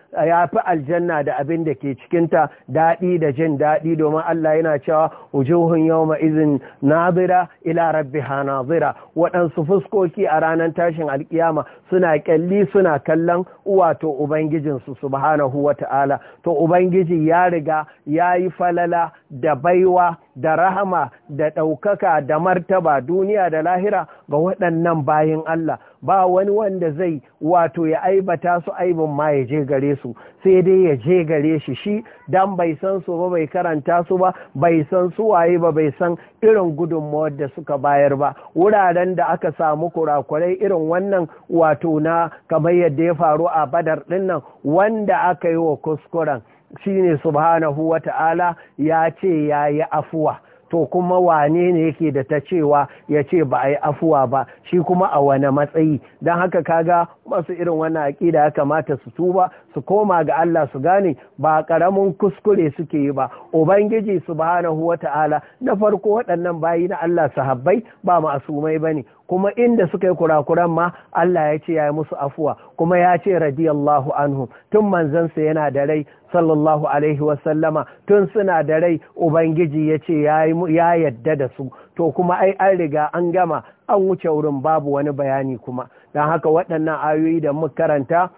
S1: aljanna da abin da ke cikinta daɗi da jin daɗi domin Allah yana cewa ujuhun yau izin nazira ila hana nazira waɗansu fuskoki a ranar tashin alkiyama suna ƙyalli suna kallon wato Ubangijinsu subhanahu wa ta'ala to Ubangiji ya riga ya yi falala da baiwa da rahama da ɗaukaka da martaba duniya da lahira ga waɗannan bayin Allah ba wani wanda zai wato ya aibata su aibin ma ya je gare su sai dai ya je gare shi shi dan bai san su ba bai karanta su ba bai san su waye ba bai san irin gudunmawar da suka bayar ba wuraren da aka samu kurakurai irin wannan wato na kamar yadda ya faru a badar ɗinnan wanda aka yi wa kuskuren Shi ne subhanahu ta'ala ya ce ya yi afuwa to kuma wane ne yake da ta cewa ya ce ba a yi afuwa ba shi kuma a wane matsayi don haka kaga masu irin wannan aƙida ya kamata su tuba su koma ga Allah su gane ba ƙaramin kuskure suke yi ba ubangiji subhanahu ta'ala na farko waɗannan bayi na Allah sahabbai ba ba ne. kuma inda suka yi kurakuran ma Allah ya ce ya yi musu afuwa kuma ya ce radiyallahu anhu tun manzansa yana da rai sallallahu alaihi wasallama tun suna da rai ubangiji ya ce ya yadda da su to kuma ai an riga an gama an wuce wurin babu wani bayani kuma don haka waɗannan ayoyi da muka karanta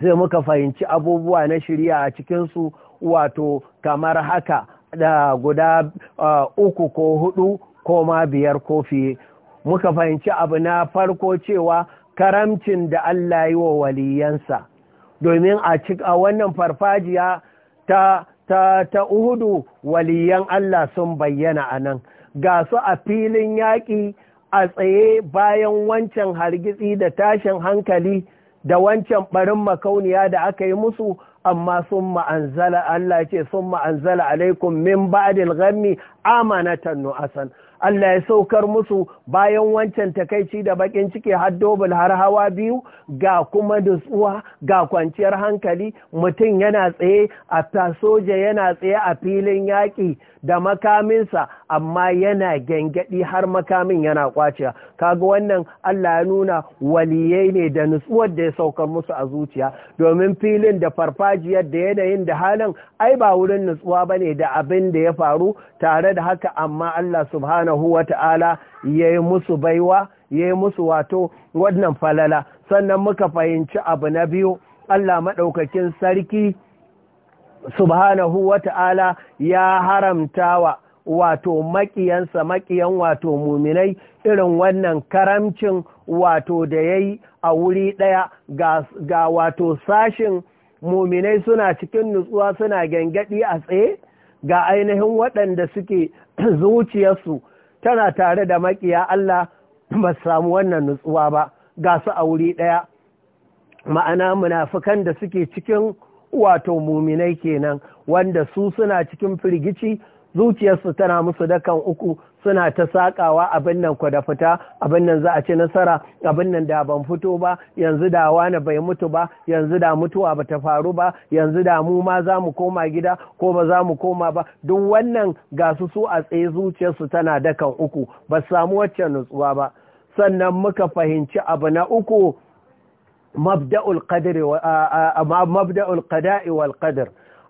S1: sai muka fahimci abubuwa na shirya a cikinsu wato kamar haka da guda uh, uku ko hudu ko ma biyar ko fiye muka fahimci abu na farko cewa karamcin da Allah yi wa waliyansa domin a cika wannan farfajiya ta ta ta uhudu waliyan Allah sun bayyana a nan ga su a filin yaƙi a tsaye bayan wancan hargitsi da tashin hankali da wancan ɓarin makauniya da aka yi musu amma sun ma'anzala Allah ce sun ma'anzala alaikum min ba'dil ghammi amanatan nu'asan Allah ya saukar musu bayan wancan takaici da bakin ciki har dobul har hawa biyu ga kuma nutsuwa ga kwanciyar hankali mutum yana tsaye a soja yana tsaye a filin yaƙi da makaminsa amma yana gyangyaɗi har makamin yana kwaciya kaga wannan Allah ya nuna waliyai ne da nutsuwar da ya saukar musu a zuciya domin filin da farfajiyar da yanayin da halin ai ba wurin nutsuwa ba ne da abin da ya faru tare da haka amma Allah subhanahu ta'ala ya yi musu baiwa ya yi musu wato wannan falala sannan muka fahimci abu na biyu Allah maɗaukakin sarki subhanahu wata'ala ya haramtawa, wato makiyansa makiyan wato muminai irin wannan karamcin wato da ya a wuri ɗaya ga wato sashin muminai suna cikin nutsuwa suna gangadi a tsaye ga ainihin waɗanda suke [CLEARS THROAT] zuciyarsu tana tare da makiya Allah ba samu wannan nutsuwa ba ga su a wuri ɗaya ma'ana munafukan da suke cikin wato muminai kenan wanda su suna cikin firgici zuciyarsu tana musu dakan uku suna ta sakawa abin nan ku da fita abin nan za a ci nasara abin nan da ban fito ba yanzu da wani bai mutu ba yanzu da mutuwa ba ta faru ba yanzu da mu ma za mu koma gida ko ba za mu koma ba duk wannan ga su su a tsaye zuciyarsu tana dakan uku ba samu wacce nutsuwa ba sannan muka fahimci abu na uku Mabda qadri wa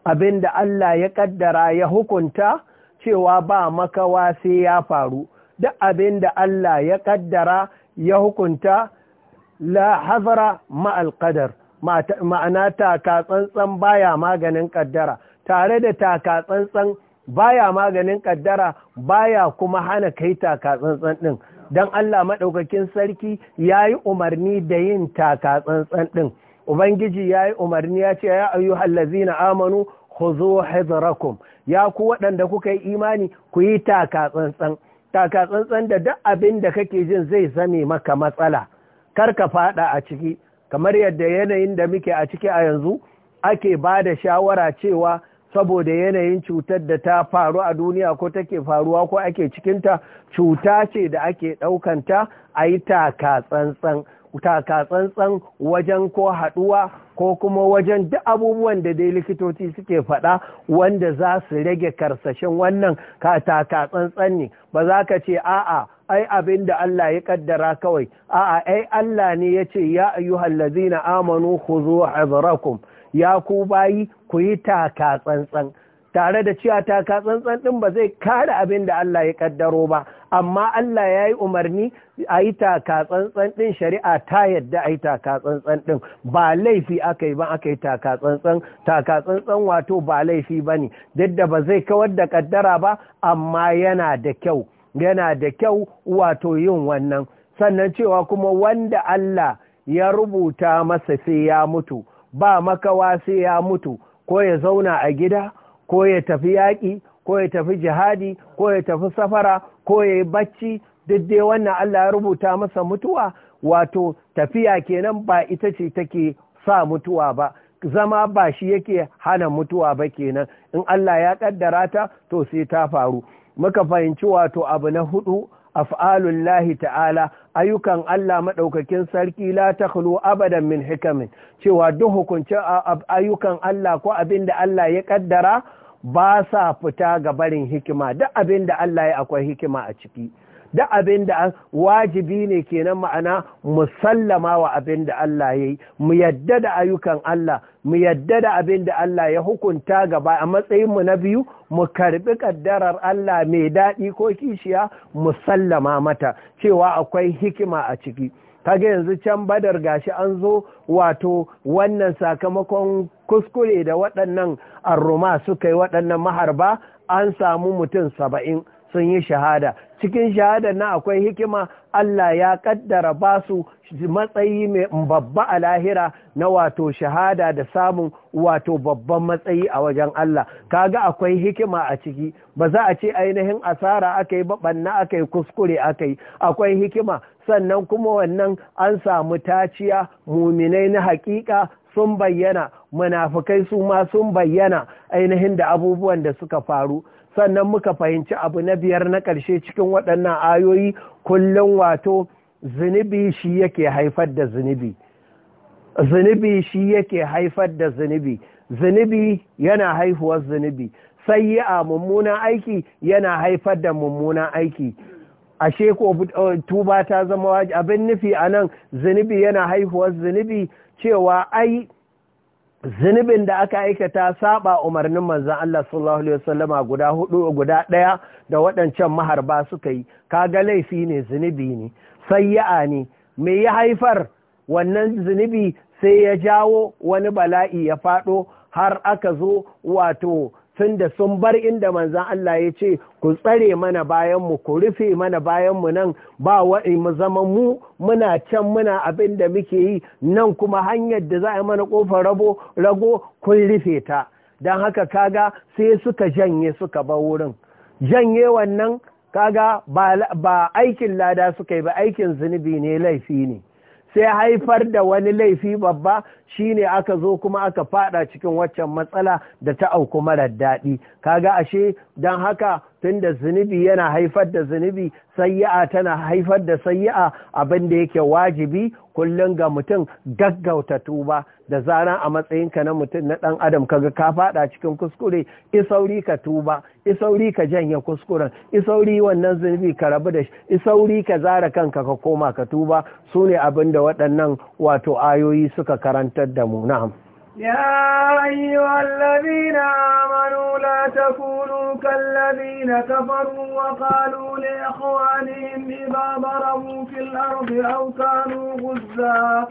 S1: abinda Allah ya kaddara ya hukunta cewa ba makawa sai ya faru duk abinda Allah ya kaddara ya hukunta la hazara ma'al ma'ana taka tsantsan baya maganin kaddara tare da taka tsantsan baya maganin kaddara baya kuma hana kai taka tsantsan don Allah maɗaukakin sarki ya yi umarni da yin taka tsantsan ɗin ubangiji ya yi umarni ya ce ya hallazi hallazina amanu zo hezarakum ya ku waɗanda kuka yi imani ku yi taka tsantsan taka tsantsan da duk abin da kake jin zai zame maka matsala kar ka faɗa a ciki kamar yadda yanayin da muke a ciki a yanzu ake ba da shawara cewa saboda yanayin cutar da ta faru a duniya ko take faruwa ko ake cikinta cuta ce da ake ɗaukanta a yi taka tsantsan wajen ko haɗuwa ko kuma wajen duk abubuwan da dai likitoci suke faɗa wanda za su rage karsashin wannan ka taka tsantsan ne ba za ka ce a'a ai abin da Allah ya kaddara kawai a'a ai Allah ne ya ce ya ayyuhallazina amanu khudhu hadrakum ya ku bayi ku yi taka tsantsan tare da cewa taka tsantsan ɗin ba zai kare abin da Allah ya kaddaro ba amma Allah ya yi umarni a yi taka tsantsan ɗin shari'a ta yadda a yi taka tsantsan ɗin ba laifi aka yi ba aka yi taka tsantsan taka tsantsan wato ba laifi ba ne duk da ba zai kawar da kaddara ba amma yana da kyau yana da kyau wato yin wannan sannan cewa kuma wanda Allah ya rubuta masa sai ya mutu ba makawa sai ya mutu ko ya zauna a gida ko ya tafi yaƙi ko ya tafi jihadi ko ya tafi safara ko ya yi bacci duk dai wannan Allah ya rubuta masa mutuwa wato tafiya kenan ba ita ce take sa mutuwa ba zama ba shi yake hana mutuwa ba kenan in Allah ya kaddara ta to sai ta faru muka fahimci wato abu na hudu Lahi ta'ala ayyukan Allah madaukakin sarki la takhlu abadan min hikamin cewa duk hukuncin ayyukan Allah ko abinda Allah ya kaddara ba sa fita ga barin hikima duk abinda Allah ya akwai hikima a ciki duk abinda wajibi ne kenan ma'ana musallama wa abinda Allah yayi mu yadda da ayyukan Allah mu yadda da abin da Allah ya hukunta gaba a matsayinmu na biyu mu karbi kaddarar Allah mai daɗi ko kishiya mu sallama mata cewa akwai hikima a ciki kaga yanzu can badar gashi an zo wato wannan sakamakon kuskure da waɗannan arruma suka yi waɗannan maharba an samu mutum saba'in sun yi shahada cikin shahada na akwai hikima Allah ya kaddara ba su matsayi mai babba a lahira na wato shahada da samun wato babban matsayi a wajen Allah kaga akwai hikima a ciki ba za a ce ainihin asara aka yi babanna aka yi kuskure aka yi akwai hikima sannan kuma wannan an samu taciya muminai na hakika sun bayyana munafukai su ma sun bayyana ainihin da abubuwan da suka faru sannan muka fahimci abu na biyar na ƙarshe cikin waɗannan ayoyi kullum wato zunubi shi yake haifar da zunubi zunubi shi yake haifar da zunubi zunubi yana haihuwar zunubi sai a mummunan aiki yana haifar da mummunan aiki ashe ko uh, tuba ta zama abin nufi a nan zunubi yana haihuwar zunubi cewa ai zunubin da aka aikata saba umarnin manzan Allah sallallahu Alaihi wasallama guda hudu guda ɗaya da waɗancan maharba suka yi kaga laifi ne zunubi ne sayya'a ne me ya haifar wannan zunubi sai ya jawo wani bala'i ya faɗo har aka zo wato tun da sun bar inda manzan Allah ya ce ku tsare mana bayanmu ku rufe mana bayanmu nan ba wa'i mu zama mu muna can muna abin da muke yi nan kuma hanyar da za a yi mana ƙofar rago kun rufe ta don haka kaga sai suka janye suka ba wurin janye wannan kaga ba aikin lada suka yi ba aikin zunubi ne laifi ne sai haifar da wani laifi babba shine aka zo kuma aka fada cikin waccan matsala da ta auku marar daɗi kaga ashe don haka tunda zunubi yana haifar da zunubi sayya'a tana haifar da sayya'a abin da yake wajibi kullum ga mutum gaggauta tuba da zana a matsayinka na mutum na ɗan adam kaga ka faɗa cikin kuskure isauri ka tuba isauri ka janye kuskuren isauri wannan zunubi ka rabu da shi isauri ka zara kanka ka koma ka tuba su ne abin da waɗannan wato ayoyi suka karantar da mu na'am
S2: يا أيها الذين آمنوا لا تكونوا كالذين كفروا وقالوا لإخوانهم إذا ضربوا في الأرض أو كانوا غزا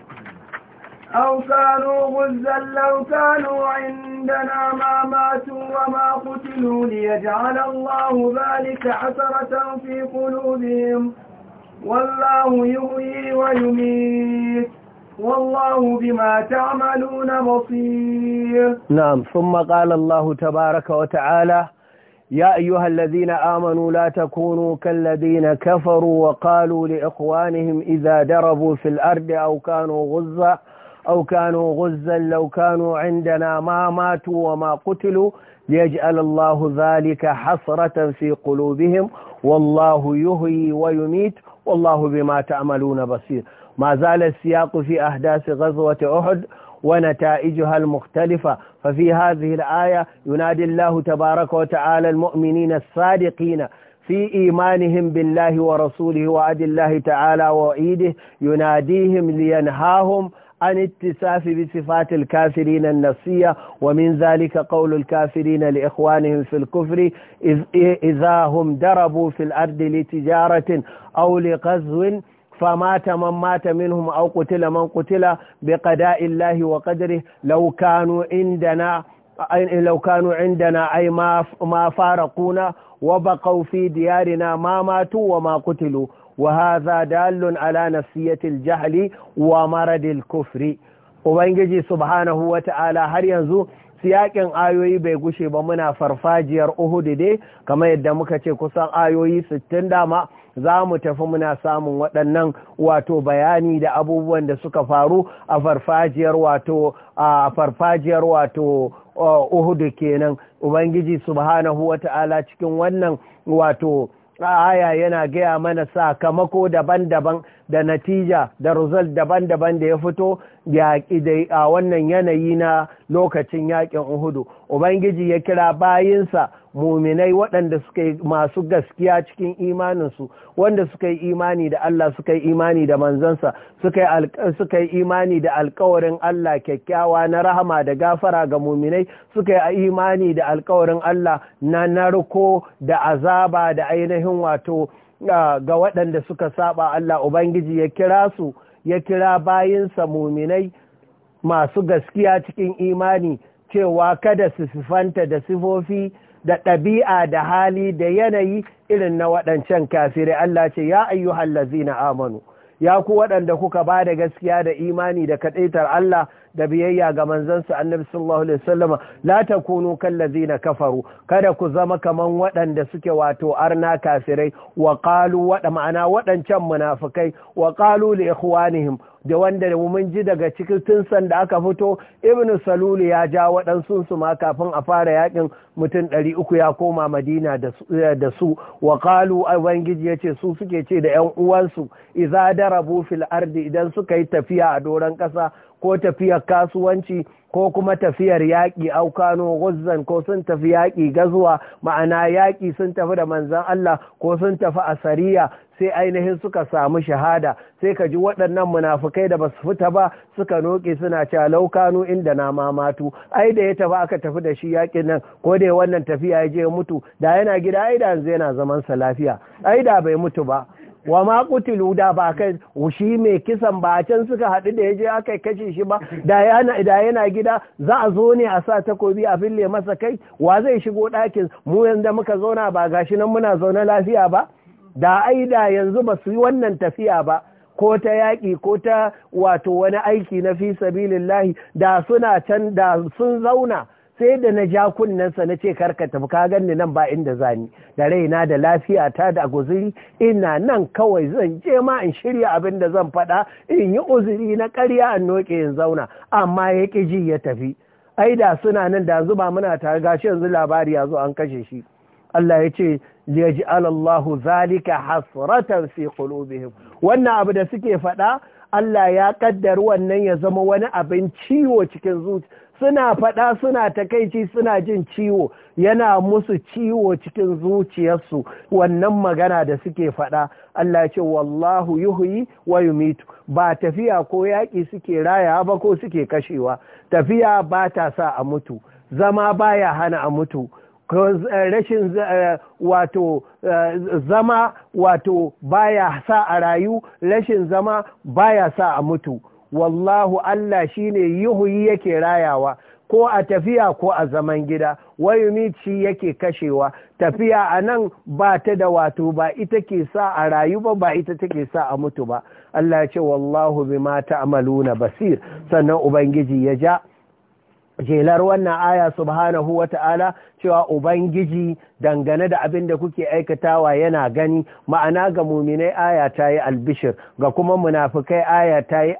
S2: أو كانوا غزا لو كانوا عندنا ما ماتوا وما قتلوا ليجعل الله ذلك حسرة في قلوبهم والله يغيي ويميت والله بما تعملون بصير
S1: نعم ثم قال الله تبارك وتعالى يا أيها الذين آمنوا لا تكونوا كالذين كفروا وقالوا لإخوانهم إذا دربوا في الأرض أو كانوا غزة أو كانوا غزا لو كانوا عندنا ما ماتوا وما قتلوا ليجعل الله ذلك حسرة في قلوبهم والله يهي ويميت والله بما تعملون بصير ما زال السياق في أحداث غزوة أحد ونتائجها المختلفة ففي هذه الآية ينادي الله تبارك وتعالى المؤمنين الصادقين في إيمانهم بالله ورسوله وعد الله تعالى وعيده يناديهم لينهاهم عن اتساف بصفات الكافرين النفسية ومن ذلك قول الكافرين لإخوانهم في الكفر إذ إذا هم دربوا في الأرض لتجارة أو لغزو فمات من مات منهم أو قتل من قتل بقداء الله وقدره لو كانوا عندنا لو كانوا عندنا أي ما ما فارقونا وبقوا في ديارنا ما ماتوا وما قتلوا وهذا دال على نفسية الجهل ومرض الكفر Ubangiji سبحانه وتعالى ta'ala ينزو siyakin ayoyi bai gushe ba muna farfajiyar uhudu dai kamar yadda muka ce kusan ayoyi 60 dama za mu tafi muna samun waɗannan wato bayani da abubuwan da suka faru a farfajiyar wato a farfajiyar wato uh, uhudu kenan ubangiji subhanahu wata'ala cikin wannan wato aya yana gaya mana sakamako daban-daban da natija da result daban-daban da ya fito a wannan yanayi na lokacin yaƙin uhudu ubangiji ya kira bayinsa muminai waɗanda suka yi masu gaskiya cikin imaninsu wanda suka yi imani da Allah suka yi imani da manzansa suka yi imani da alkawarin Allah kyakkyawa na rahama da gafara ga muminai suka yi imani da alkawarin Allah na narko da azaba da ainihin wato ga waɗanda suka saba Allah Ubangiji ya kira su ya kira bayinsa muminai masu gaskiya cikin imani cewa kada su sifanta da sifofi da ɗabi'a da hali da yanayi irin na waɗancan kafirai Allah ce ya hallazi na amanu ya ku waɗanda kuka ba da gaskiya da imani da kaɗaitar Allah da biyayya ga manzansa annabi sallallahu alaihi wasallama la takunu kallazina kafaru kada ku zama kaman waɗanda suke wato arna kafirai wa qalu wada ma'ana waɗancan munafikai wa qalu li ikhwanihim da wanda mun ji daga cikin tun sanda aka fito ibnu salulu ya ja waɗansu su ma kafin a fara yakin mutum ɗari uku ya koma madina da su eh, wa qalu ubangiji yace su suke ce da yan uwansu idza darabu fil ardi idan suka yi tafiya a doron ƙasa ko tafiyar kasuwanci ko kuma tafiyar yaƙi aukano guzzan ko sun tafi yaƙi gazuwa ma'ana yaƙi sun tafi da manzan Allah ko sun tafi a sariya sai ainihin suka samu shahada sai ka ji waɗannan munafukai da basu fita ba suka noƙe suna cewa laukanu inda na mamatu ai da ya tafi aka tafi da shi yaƙin nan ko da wannan tafiya ya je mutu da yana gida ai da yanzu yana zaman sa lafiya ai da bai mutu ba wa ma kutilu da ba kai shi mai kisan ba can suka haɗu da ya je aka kashe shi ba da yana gida za a zo ne a sa takobi a fille masa kai wa zai shigo ɗakin mu yanzu muka zauna ba gashi nan muna zaune lafiya ba da ai da yanzu ba su yi wannan tafiya ba ko ta yaƙi ko ta wato wani aiki na fi sabilillahi da suna can da sun zauna sai da na ja kunnensa na ce karka tafi ka ganni nan ba inda zani da raina da lafiya ta da guzuri ina nan kawai zan je ma in shirya abin da zan faɗa in yi uzuri na ƙarya in noke in zauna amma ya ƙi ji ya tafi ai da suna nan da zuba muna tare gashi yanzu labari ya zo an kashe shi Allah ya ce liyaj'al zalika hasratan fi qulubihim wannan abu da suke faɗa Allah ya kaddar wannan ya zama wani abin ciwo cikin suna faɗa suna takaici suna jin ciwo yana musu ciwo cikin zuciyarsu wannan magana da suke faɗa Allah ce wallahu yuhyi wa yumitu ba tafiya ko yaƙi suke raya ba ko suke kashewa tafiya ba ta sa a mutu zama baya hana a mutu eh, rashin eh, wato eh, zama wato baya sa a rayu rashin zama baya sa a mutu wallahu Allah shi shine yuhuyi yake rayawa ko a tafiya ko a zaman gida wayumi yake kashewa tafiya a nan ba ta da wato ba ita ke sa a rayu ba ba ita take sa a mutu ba Allah ya ce wallahu bima ta'maluna basir sannan ubangiji ya ja jelar wannan aya subhanahu wata'ala cewa ubangiji dangane da abin da kuke aikatawa yana gani ma'ana ga muminai aya ta yi albishir ga kuma munafukai aya ta yi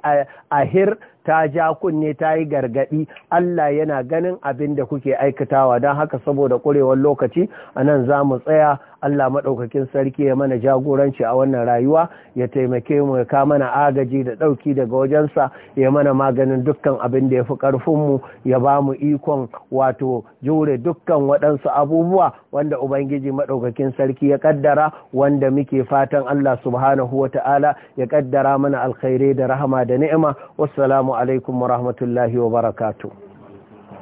S1: ahir ta ja kunne ta yi gargadi. Allah yana ganin abin da kuke aikatawa don haka saboda ƙurewar lokaci a nan za mu tsaya Allah maɗaukakin sarki ya mana jagoranci a wannan rayuwa ya taimake mu ya mana agaji da ɗauki daga wajensa ya mana maganin dukkan abin da ya fi ƙarfinmu ya ba mu ikon wato jure dukkan waɗansu abubuwa wanda ubangiji maɗaukakin sarki ya ƙaddara wanda muke fatan Allah subhanahu wa ta'ala ya ƙaddara mana alkhairai da rahama da ni'ima wassalamu alaikum wa rahmatullahi wa barakatuh